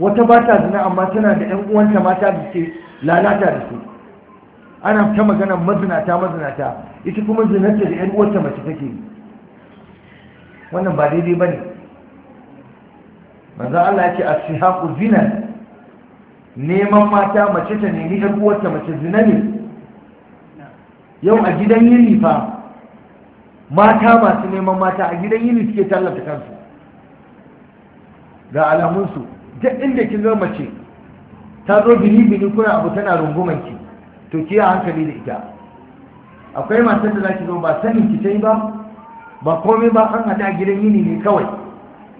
wata ba ta zina amma tana da ɗan uwanta mata da ke lalata da su ana ta magana mazinata mazinata ita kuma zinarta da ɗan uwanta mace take yi wannan ba daidai bane manzo Allah ya ce as zina neman mata mace ta nemi ɗan uwanta mace zina ne yau a gidan yini fa mata masu neman mata a gidan yini suke tallata kansu ga alamunsu duk inda kin ga mace ta zo bini bini kuna abu tana runguman ki to ki yi hankali da ita akwai matan da zaki zo ba sanin ki tai ba ba komai ba an hada gidan yini ne kawai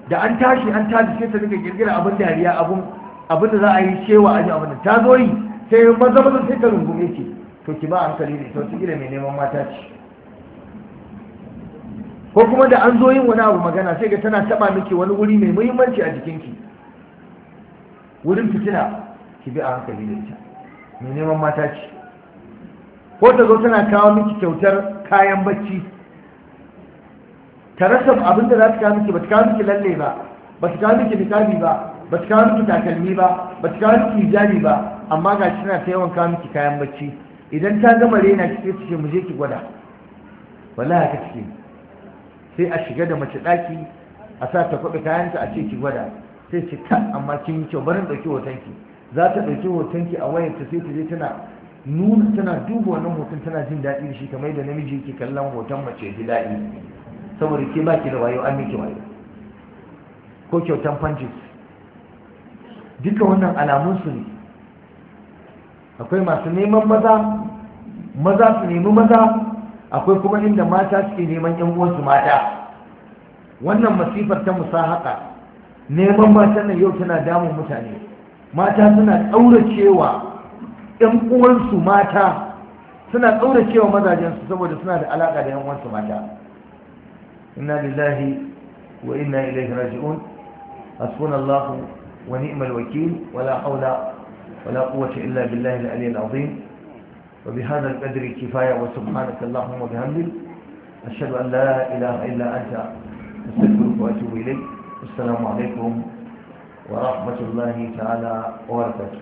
da an tashi an tashi sai ta rika girgira abin dariya abin abin da za a yi cewa a ji abin da ta zo yi sai maza maza sai ta rungume ki to ki ba hankali da ita wata gida mai neman mata ce ko kuma da an zo yin wani abu magana sai ga tana taba miki wani wuri mai muhimmanci a jikinki wurin fitina ki bi a hankali da ita mai neman mata ce ko ta zo tana kawo miki kyautar kayan bacci ta rasa abin da za ta kawo miki ba ta kawo miki lalle ba ba ta kawo miki misali ba ba ta kawo miki takalmi ba ba ta kawo miki hijabi ba amma ga shi tana ta yawan kawo miki kayan bacci idan ta gama rena ki sai ce mu je ki gwada wallahi ka ciki sai a shiga da mace daki a sa ta kwaɓe kayanta a ce ki gwada sai ce ta amma kin yi kyau barin ɗauki hotonki za ta ɗauki hotonki a wayarta sai ta je tana nuna tana duba wannan hoton tana jin daɗi da shi kamar yadda namiji yake kallon hoton mace ji daɗi saboda ke baki da wayo an miki wayo ko kyautan fanjis duka wannan alamun su ne akwai masu neman maza maza su nemi maza akwai kuma inda mata suke neman yan uwansu mata wannan masifar ta musahaka neman matan nan yau tana damun mutane mata suna cewa yan uwansu mata suna cewa mazajensu saboda suna da alaƙa da yan uwansu mata inna lillahi wa inna ilaihi raji'un hasbunallahu wa ni'mal wakil wala haula wala quwwata illa billahi al-aliyyil azim وبهذا القدر كفاية وسبحانك اللهم وبحمدك أشهد أن لا إله إلا أنت أستغفرك وأتوب إليك السلام عليكم ورحمة الله تعالى وبركاته